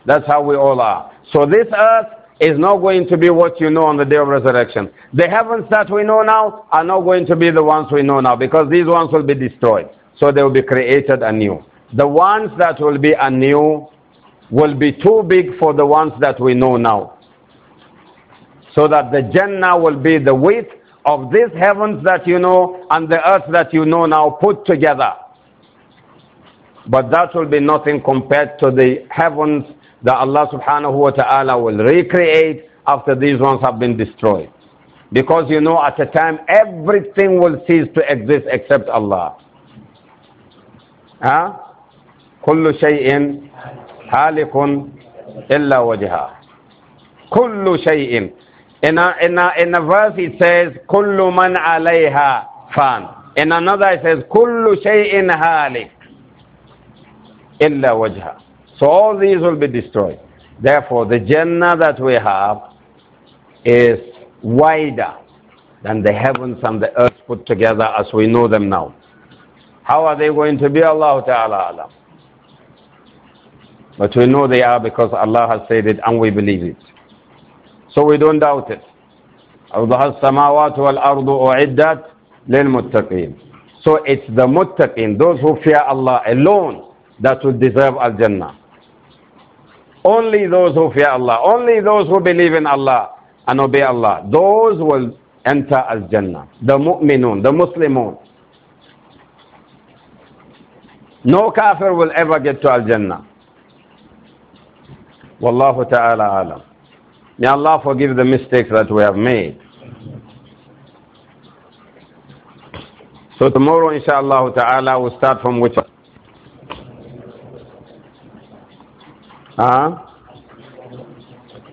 That's how we all are. So this earth is not going to be what you know on the day of resurrection. The heavens that we know now are not going to be the ones we know now because these ones will be destroyed. So they will be created anew. The ones that will be anew will be too big for the ones that we know now. So that the Jannah will be the width of these heavens that you know and the earth that you know now put together. But that will be nothing compared to the heavens that Allah subhanahu wa ta'ala will recreate after these ones have been destroyed. Because you know, at a time, everything will cease to exist except Allah. Huh? كل شيء هالك إلا وجهه كل شيء in a, in a, in a verse it says كل من عليها فان in another it says كل شيء هالك إلا وجهه so all these will be destroyed. Therefore, the Jannah that we have is wider than the heavens and the earth put together as we know them now. How are they going to be? Allah Ta'ala Alam. But we know they are because Allah has said it and we believe it. So we don't doubt it. السَّمَاوَاتُ وَالْأَرْضُ أُعِدَّتْ لِلْمُتَّقِينَ So it's the muttaqin, those who fear Allah alone, that will deserve Al-Jannah. Only those who fear Allah, only those who believe in Allah and obey Allah, those will enter as Jannah. The mu'minun, the Muslimun. No kafir will ever get to Al-Jannah. Wallahu ta'ala alam. May Allah forgive the mistakes that we have made. So tomorrow, inshallah ta'ala, we'll start from which Huh?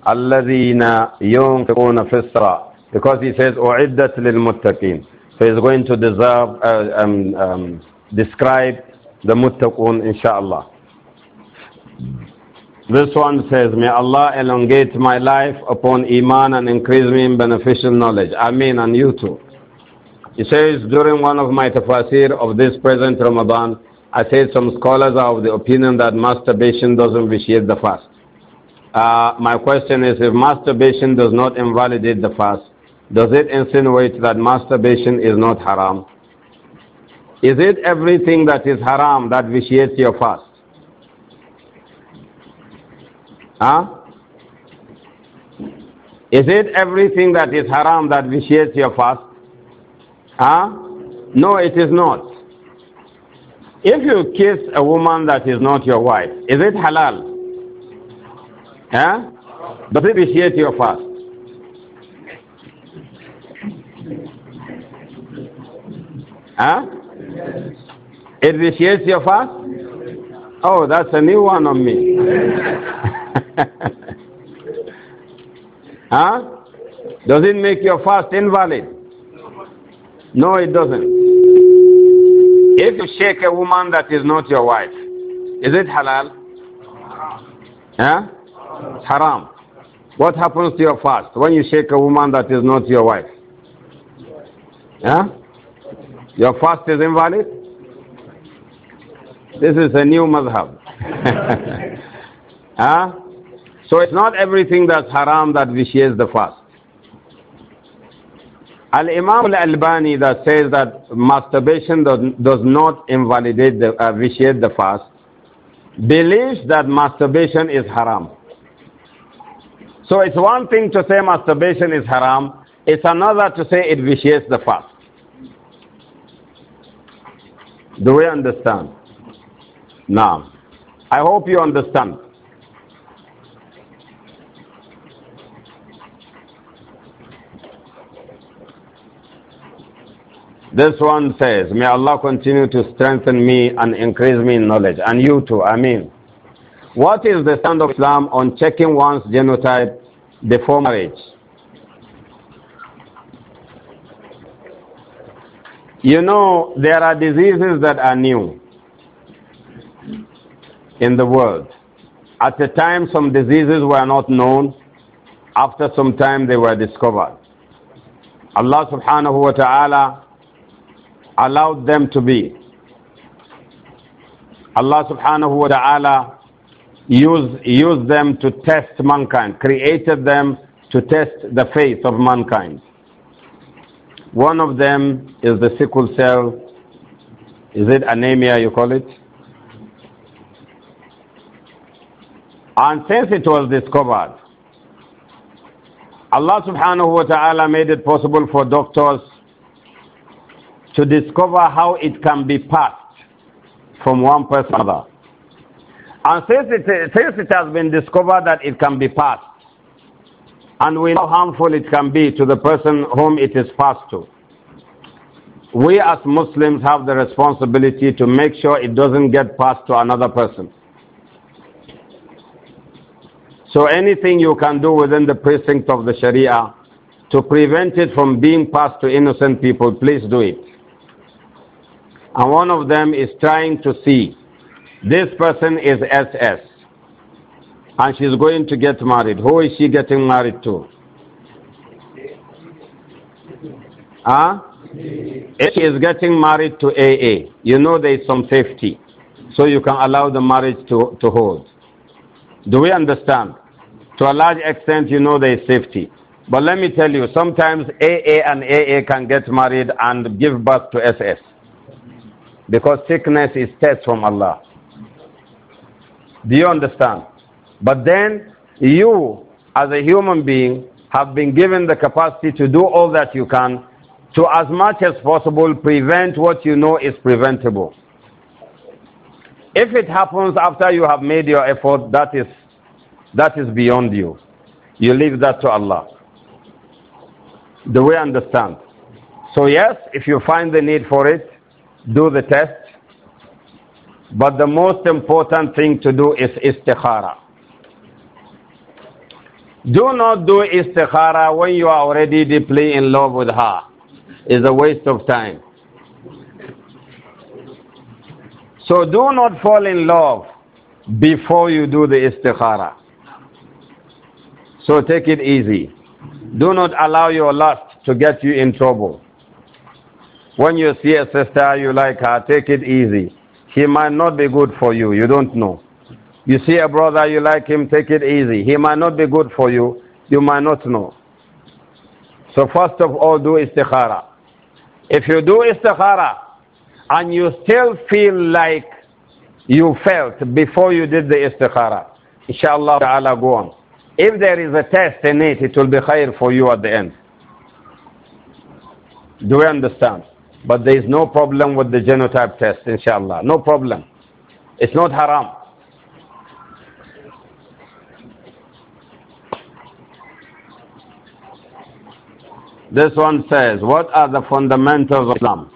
الَّذِينَ يُنْفِقُونَ فِسْرًا Because he says, أُعِدَّتْ لِلْمُتَّقِينَ So he's going to deserve, uh, um, um, describe the muttaqun, inshallah. This one says, May Allah elongate my life upon Iman and increase me in beneficial knowledge. Ameen, and you too. He says, during one of my tafasir of this present Ramadan, I said some scholars are of the opinion that masturbation doesn't vitiate the fast. Uh, my question is if masturbation does not invalidate the fast, does it insinuate that masturbation is not haram? Is it everything that is haram that vitiates your fast? Huh? Is it everything that is haram that vitiates your fast? Huh? No, it is not. If you kiss a woman that is not your wife, is it halal? Huh? Does it initiate your fast? Huh? It initiates your fast? Oh, that's a new one on me. <laughs> huh? Does it make your fast invalid? No, it doesn't. If you shake a woman that is not your wife, is it halal? Yeah, Haram. What happens to your fast when you shake a woman that is not your wife? yeah, Your fast is invalid? This is a new madhab. <laughs> huh? So it's not everything that's haram that vitiates the fast. Al Imam Al Albani that says that masturbation does, does not invalidate the uh, vitiate the fast believes that masturbation is haram. So it's one thing to say masturbation is haram, it's another to say it vitiates the fast. Do we understand? Now, I hope you understand. This one says, May Allah continue to strengthen me and increase me in knowledge. And you too, I mean. What is the stand of Islam on checking one's genotype before marriage? You know, there are diseases that are new in the world. At the time, some diseases were not known. After some time, they were discovered. Allah subhanahu wa ta'ala allowed them to be. Allah subhanahu wa ta'ala used, used them to test mankind, created them to test the faith of mankind. One of them is the sickle cell. Is it anemia you call it? And since it was discovered, Allah subhanahu wa ta'ala made it possible for doctors to discover how it can be passed from one person to another. And since it, since it has been discovered that it can be passed, and we know how harmful it can be to the person whom it is passed to, we as Muslims have the responsibility to make sure it doesn't get passed to another person. So anything you can do within the precinct of the Sharia to prevent it from being passed to innocent people, please do it and one of them is trying to see this person is SS and she's going to get married. Who is she getting married to? Huh? If she is getting married to AA, you know there is some safety, so you can allow the marriage to, to hold. Do we understand? To a large extent, you know there is safety. But let me tell you, sometimes AA and AA can get married and give birth to SS. Because sickness is test from Allah. Do you understand? But then you, as a human being, have been given the capacity to do all that you can to, as much as possible, prevent what you know is preventable. If it happens after you have made your effort, that is, that is beyond you. You leave that to Allah. Do we understand? So, yes, if you find the need for it, do the test. But the most important thing to do is istikhara. Do not do istikhara when you are already deeply in love with her. It's a waste of time. So do not fall in love before you do the istikhara. So take it easy. Do not allow your lust to get you in trouble. When you see a sister you like her, take it easy. He might not be good for you. You don't know. You see a brother you like him, take it easy. He might not be good for you. You might not know. So first of all, do istikhara. If you do istikhara and you still feel like you felt before you did the istikhara, inshallah ta'ala go on. If there is a test in it, it will be higher for you at the end. Do we understand? But there is no problem with the genotype test, inshallah. No problem. It's not haram. This one says, What are the fundamentals of Islam?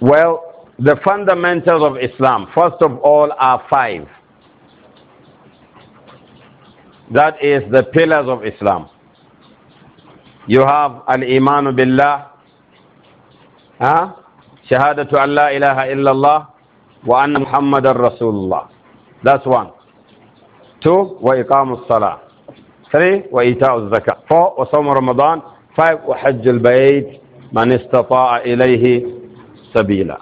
Well, the fundamentals of Islam, first of all, are five. That is the pillars of Islam. you have al-iman billah, huh? shahadatu an la ilaha allah wa anna muhammadan rasulullah. That's one. Two, wa iqamu salah. Three, wa ita'u zakah. Four, wa sawm Ramadan. Five, wa hajj al-bayt man istata'a ilayhi sabila.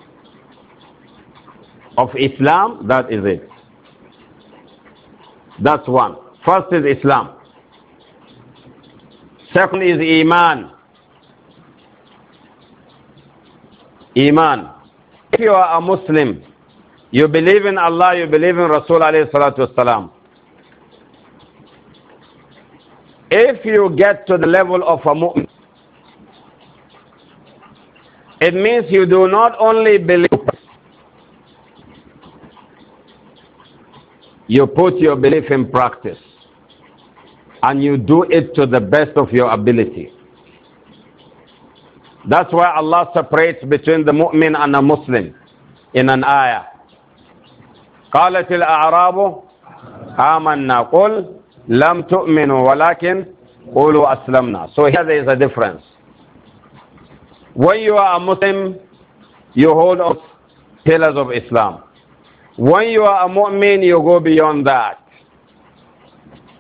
Of Islam, that is it. That's one. First is Islam. Second is Iman. Iman. If you are a Muslim, you believe in Allah, you believe in Rasul alayhi salatu wasalam. If you get to the level of a mu'min, it means you do not only believe, you put your belief in practice and you do it to the best of your ability. That's why Allah separates between the mu'min and the Muslim in an ayah. قالت الأعراب آمنا قل لم تؤمنوا ولكن قولوا أسلمنا. So here there is a difference. When you are a Muslim, you hold up pillars of Islam. When you are a mu'min, you go beyond that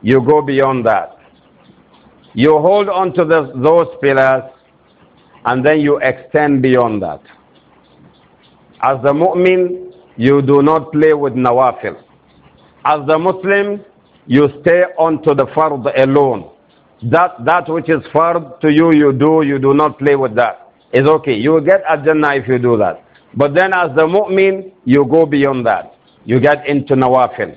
you go beyond that. You hold on to the, those pillars and then you extend beyond that. As the mu'min, you do not play with nawafil. As the Muslim, you stay onto the fard alone. That, that which is fard to you, you do, you do not play with that. It's okay. You will get Al-Jannah if you do that. But then as the mu'min, you go beyond that. You get into nawafil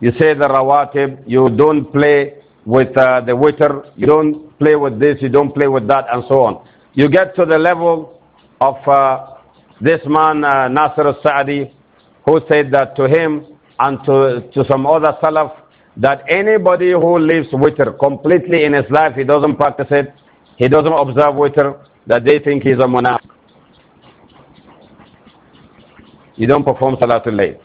you say the rawatib, you don't play with uh, the witr, you don't play with this, you don't play with that, and so on. You get to the level of uh, this man, uh, Nasir al-Sa'di, who said that to him and to, to some other Salaf, that anybody who lives witr completely in his life, he doesn't practice it, he doesn't observe witr, that they think he's a monarch. You don't perform Salatul Layl.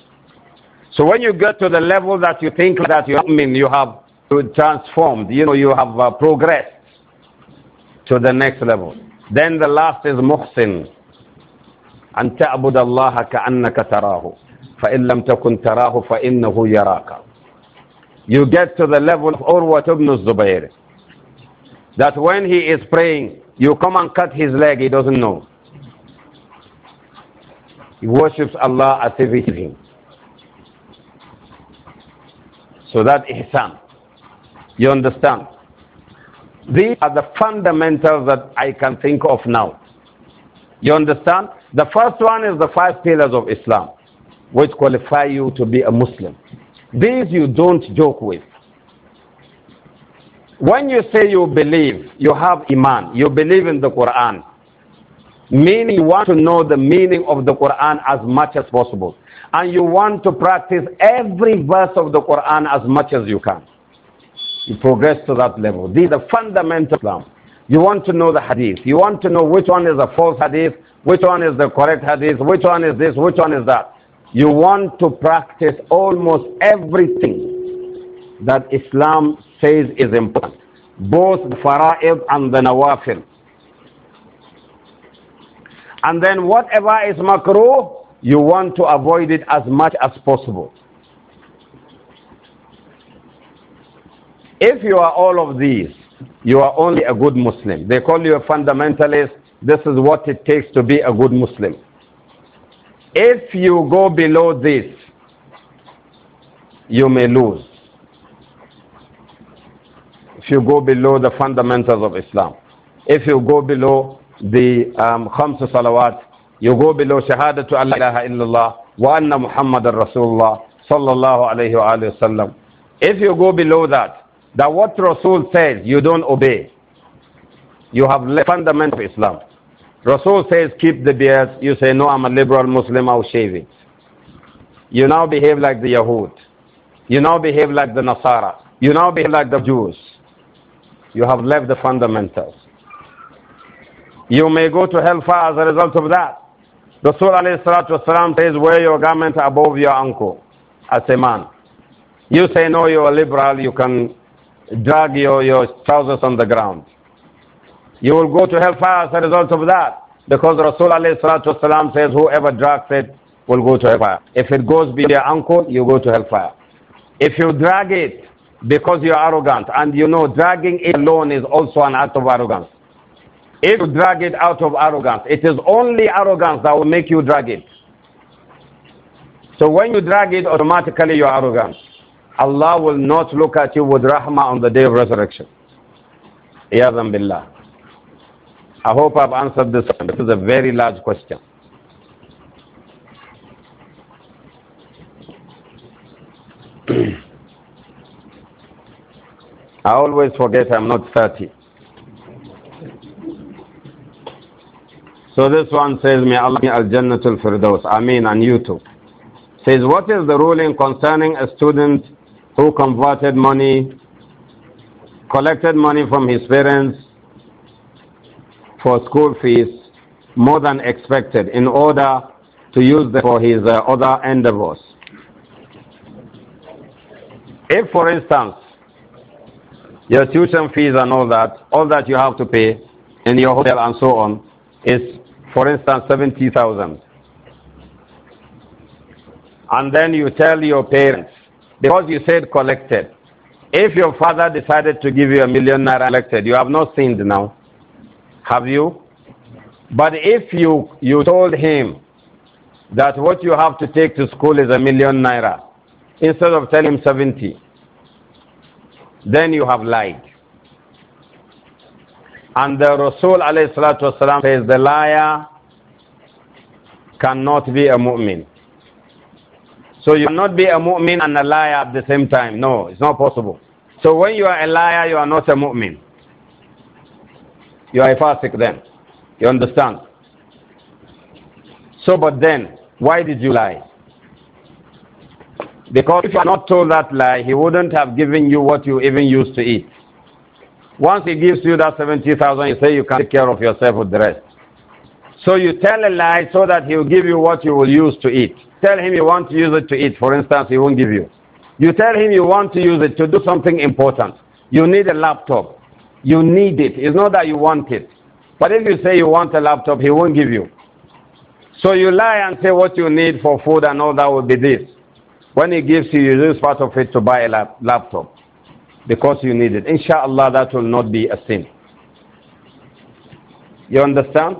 So when you get to the level that you think that you mean you have transformed, you know, you have uh, progressed to the next level. Then the last is muhsin. أن تعبد الله كأنك تراه فإن لم تكن تراه فإنه يراك You get to the level of Urwa ibn Zubayr that when he is praying you come and cut his leg he doesn't know He worships Allah as if he is him so that ihsan. You understand? These are the fundamentals that I can think of now. You understand? The first one is the five pillars of Islam, which qualify you to be a Muslim. These you don't joke with. When you say you believe, you have Iman, you believe in the Quran, meaning you want to know the meaning of the Quran as much as possible and you want to practice every verse of the Quran as much as you can. You progress to that level. These are fundamental Islam. You want to know the hadith. You want to know which one is a false hadith, which one is the correct hadith, which one is this, which one is that. You want to practice almost everything that Islam says is important, both the fara'id and the nawafil. And then whatever is makruh, you want to avoid it as much as possible. If you are all of these, you are only a good Muslim. They call you a fundamentalist. This is what it takes to be a good Muslim. If you go below this, you may lose. If you go below the fundamentals of Islam, if you go below the um, Khamsa Salawat, you go below Shahadatu Allah إلّا الله، وأنّ محمد Muhammadan Rasulullah sallallahu alayhi wa, وآله وسلم. sallam. If you go below that, that what Rasul says you don't obey, you have left fundamental Islam. Rasul says keep the beard, you say no, I'm a liberal Muslim, I'll shave it. You now behave like the Yahud. You now behave like the Nasara. You now behave like the Jews. You have left the fundamentals. You may go to hellfire as a result of that. Rasul والسلام, says, wear your garment above your ankle as a man. You say, no, you are liberal, you can drag your, your trousers on the ground. You will go to hellfire as a result of that. Because Rasul والسلام, says, whoever drags it will go to hellfire. If it goes below your ankle, you go to hellfire. If you drag it because you're arrogant, and you know dragging it alone is also an act of arrogance, if you drag it out of arrogance, it is only arrogance that will make you drag it. So when you drag it, automatically you are arrogant. Allah will not look at you with rahmah on the day of resurrection. Iyadhan billah. I hope I've answered this one. This is a very large question. <clears throat> I always forget I'm not 30. So this one says, May Allah al Jannatul Firdaus. Ameen, and you too. Says, What is the ruling concerning a student who converted money, collected money from his parents for school fees more than expected in order to use them for his uh, other endeavors? If, for instance, your tuition fees and all that, all that you have to pay in your hotel and so on, is for instance, 70,000. And then you tell your parents, because you said collected. If your father decided to give you a million naira collected, you have not sinned now, have you? But if you, you told him that what you have to take to school is a million naira, instead of telling him 70, then you have lied. And the Rasul والسلام, says the liar cannot be a mu'min. So you cannot be a mu'min and a liar at the same time. No, it's not possible. So when you are a liar, you are not a mu'min. You are a fasik then. You understand? So but then, why did you lie? Because if you had not told that lie, he wouldn't have given you what you even used to eat. Once he gives you that 70,000, you say you can take care of yourself with the rest. So you tell a lie so that he'll give you what you will use to eat. Tell him you want to use it to eat, for instance, he won't give you. You tell him you want to use it to do something important. You need a laptop. You need it. It's not that you want it. But if you say you want a laptop, he won't give you. So you lie and say what you need for food and all that will be this. When he gives you, you use part of it to buy a lap laptop because you need it. Inshallah, that will not be a sin. You understand?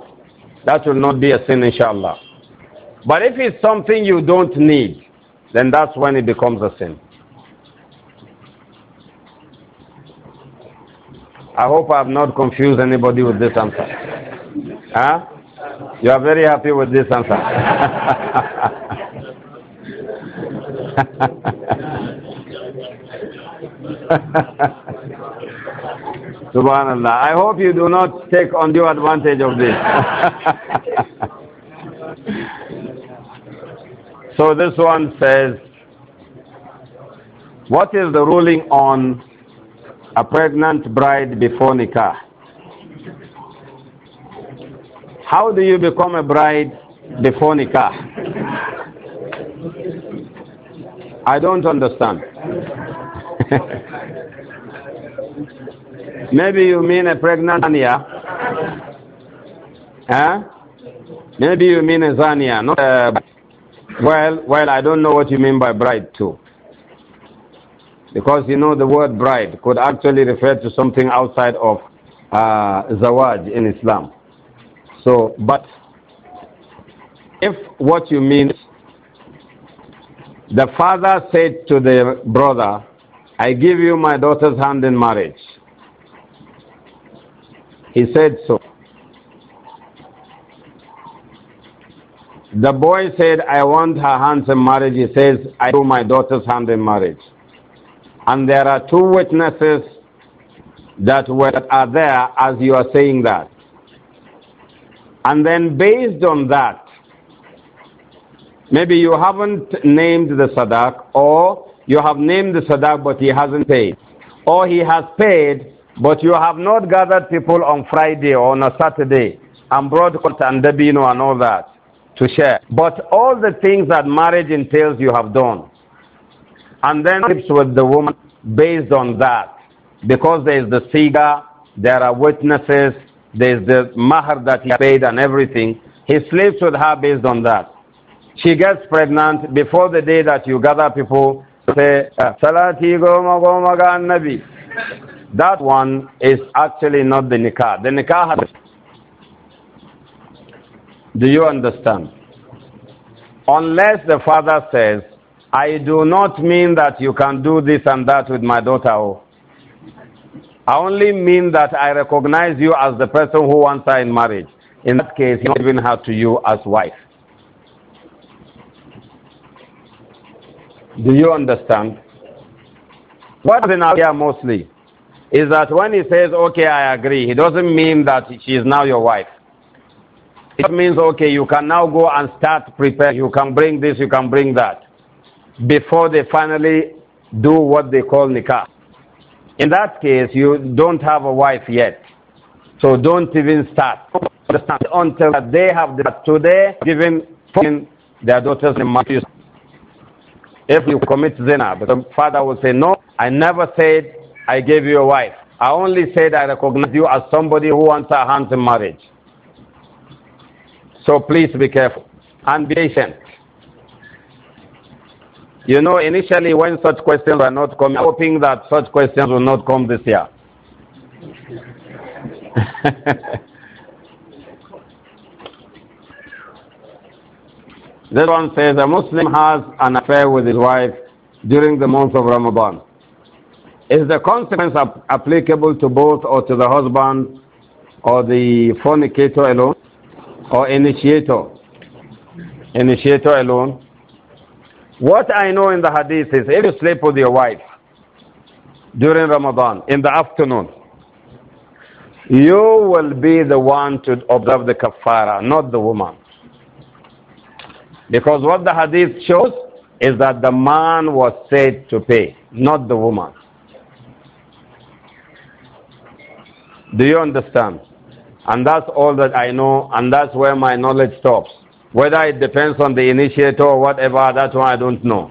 That will not be a sin, inshallah. But if it's something you don't need, then that's when it becomes a sin. I hope I have not confused anybody with this answer. Huh? You are very happy with this answer. <laughs> <laughs> Subhanallah. I hope you do not take undue advantage of this. <laughs> so this one says, what is the ruling on a pregnant bride before nikah? How do you become a bride before nikah? <laughs> I don't understand. Maybe you mean a pregnant Zania. Huh? Maybe you mean a Zania, not a, Well, well, I don't know what you mean by bride too. Because you know the word bride could actually refer to something outside of uh, zawaj in Islam. So, but if what you mean the father said to the brother, I give you my daughter's hand in marriage. He said so. The boy said, I want her hand in marriage. He says, I do my daughter's hand in marriage. And there are two witnesses that were, are there as you are saying that. And then based on that, maybe you haven't named the Sadak or you have named the sadaq, but he hasn't paid. Or he has paid, but you have not gathered people on Friday or on a Saturday and brought court and debino and all that to share. But all the things that marriage entails, you have done. And then sleeps with the woman based on that. Because there is the siga, there are witnesses, there is the mahar that he paid and everything. He sleeps with her based on that. She gets pregnant before the day that you gather people say, Salati goma goma ga That one is actually not the nikah. The nikah has... Do you understand? Unless the father says, I do not mean that you can do this and that with my daughter. Oh. I only mean that I recognize you as the person who wants her in marriage. In that case, giving her to you as wife. Do you understand? What now our mostly is that when he says, okay, I agree, he doesn't mean that she is now your wife. It means, okay, you can now go and start preparing. You can bring this, you can bring that. Before they finally do what they call nikah. In that case, you don't have a wife yet. So don't even start. Until they have the, today given their daughters in marriage if you commit zina. But the father will say, No, I never said I gave you a wife. I only said I recognize you as somebody who wants a handsome marriage. So please be careful and be patient. You know, initially when such questions are not coming, hoping that such questions will not come this year. <laughs> This one says a Muslim has an affair with his wife during the month of Ramadan. Is the consequence ap applicable to both or to the husband or the fornicator alone or initiator? Initiator alone. What I know in the hadith is if you sleep with your wife during Ramadan in the afternoon, you will be the one to observe the kafara, not the woman. Because what the hadith shows is that the man was said to pay, not the woman. Do you understand? And that's all that I know, and that's where my knowledge stops. Whether it depends on the initiator or whatever, that one I don't know.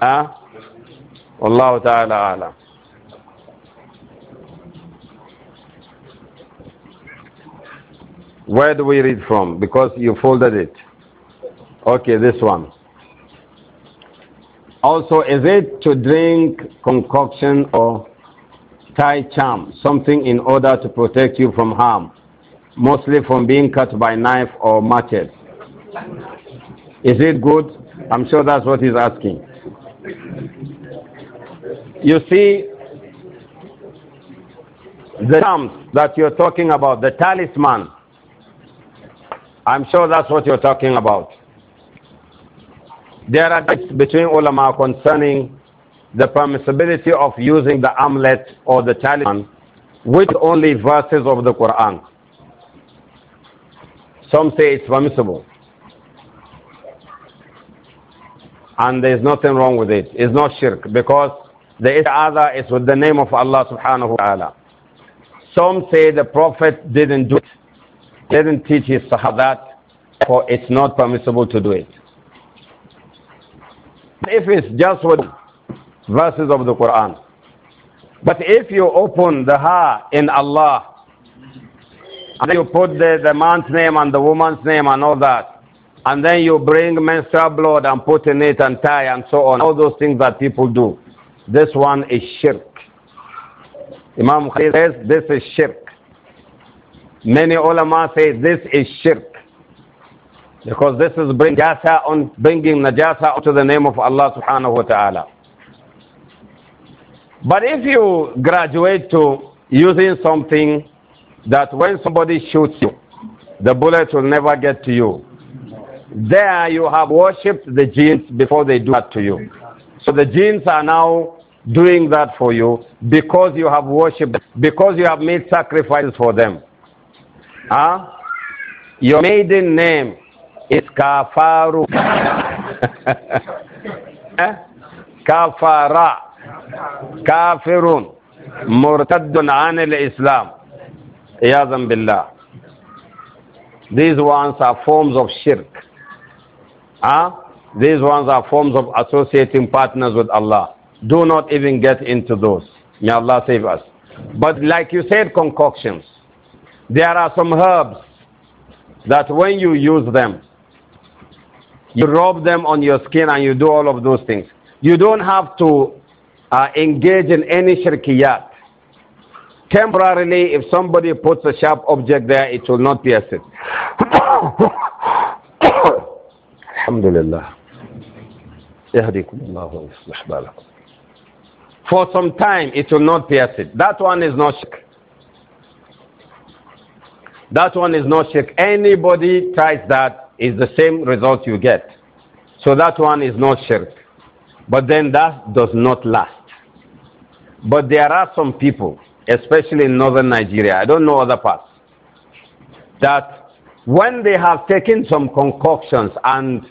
Ah, huh? Allah Ta'ala Where do we read from? Because you folded it. Okay, this one. Also, is it to drink concoction or Thai charm, something in order to protect you from harm, mostly from being cut by knife or machete? Is it good? I'm sure that's what he's asking. You see, the charms that you're talking about, the talisman, I'm sure that's what you're talking about. There are debates between ulama concerning the permissibility of using the amulet or the talisman with only verses of the Quran. Some say it's permissible. And there's nothing wrong with it. It's not shirk because the isti'adha is with the name of Allah subhanahu wa ta'ala. Some say the Prophet didn't do it does didn't teach his sahadat, for it's not permissible to do it. If it's just with verses of the Quran. But if you open the ha in Allah, and you put the, the man's name and the woman's name and all that, and then you bring menstrual blood and put in it and tie and so on, all those things that people do, this one is shirk. Imam Khalid says this is shirk. Many ulama say this is shirk. Because this is bring najasa on, bringing najasa to the name of Allah subhanahu wa ta'ala. But if you graduate to using something that when somebody shoots you, the bullet will never get to you. There you have worshipped the jinn before they do that to you. So the jinn are now doing that for you because you have worshipped, because you have made sacrifices for them. Huh? Ah? Your maiden name is Kafaru. <laughs> eh? Kafara. Kafirun. murtadun an Islam. Iyazan billah. These ones are forms of shirk. Huh? Ah? These ones are forms of associating partners with Allah. Do not even get into those. May Allah save us. But like you said, concoctions. There are some herbs that when you use them, you rub them on your skin and you do all of those things. You don't have to uh, engage in any shirkiyat. Temporarily, if somebody puts a sharp object there, it will not pierce it. <coughs> Alhamdulillah. For some time, it will not pierce it. That one is not shirk. That one is not shirk. Anybody tries that is the same result you get. So that one is not shirk. But then that does not last. But there are some people, especially in northern Nigeria, I don't know other parts, that when they have taken some concoctions and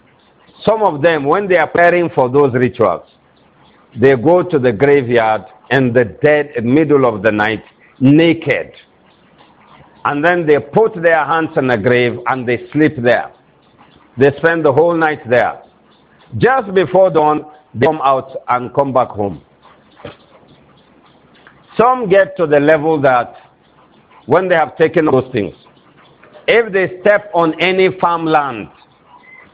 some of them, when they are preparing for those rituals, they go to the graveyard in the dead middle of the night naked and then they put their hands in a grave and they sleep there. They spend the whole night there. Just before dawn, they come out and come back home. Some get to the level that when they have taken those things, if they step on any farmland,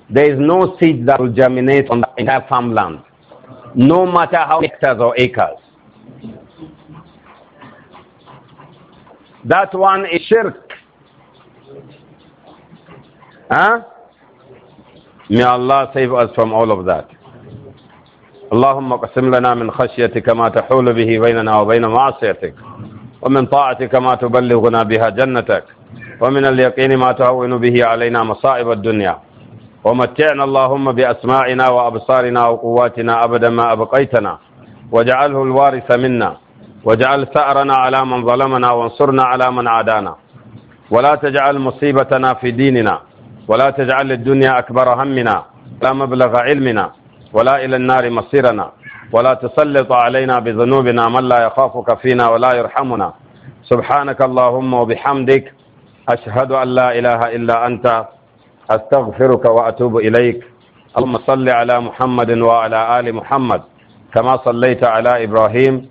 there is no seed that will germinate on that entire farmland, no matter how hectares or acres. That one is shirk. Huh? May Allah save us from all of that. اللهم اقسم لنا من خشيتك ما تحول به بيننا وبين معصيتك ومن طاعتك ما تبلغنا بها جنتك ومن اليقين ما تهون به علينا مصائب الدنيا ومتعنا اللهم بأسماعنا وأبصارنا وقواتنا أبدا ما أبقيتنا واجعله الوارث منا واجعل ثأرنا على من ظلمنا وانصرنا على من عادانا ولا تجعل مصيبتنا في ديننا ولا تجعل الدنيا أكبر همنا لا مبلغ علمنا ولا إلى النار مصيرنا ولا تسلط علينا بذنوبنا من لا يخافك فينا ولا يرحمنا سبحانك اللهم وبحمدك أشهد أن لا إله إلا أنت أستغفرك وأتوب إليك اللهم صل على محمد وعلى آل محمد كما صليت على إبراهيم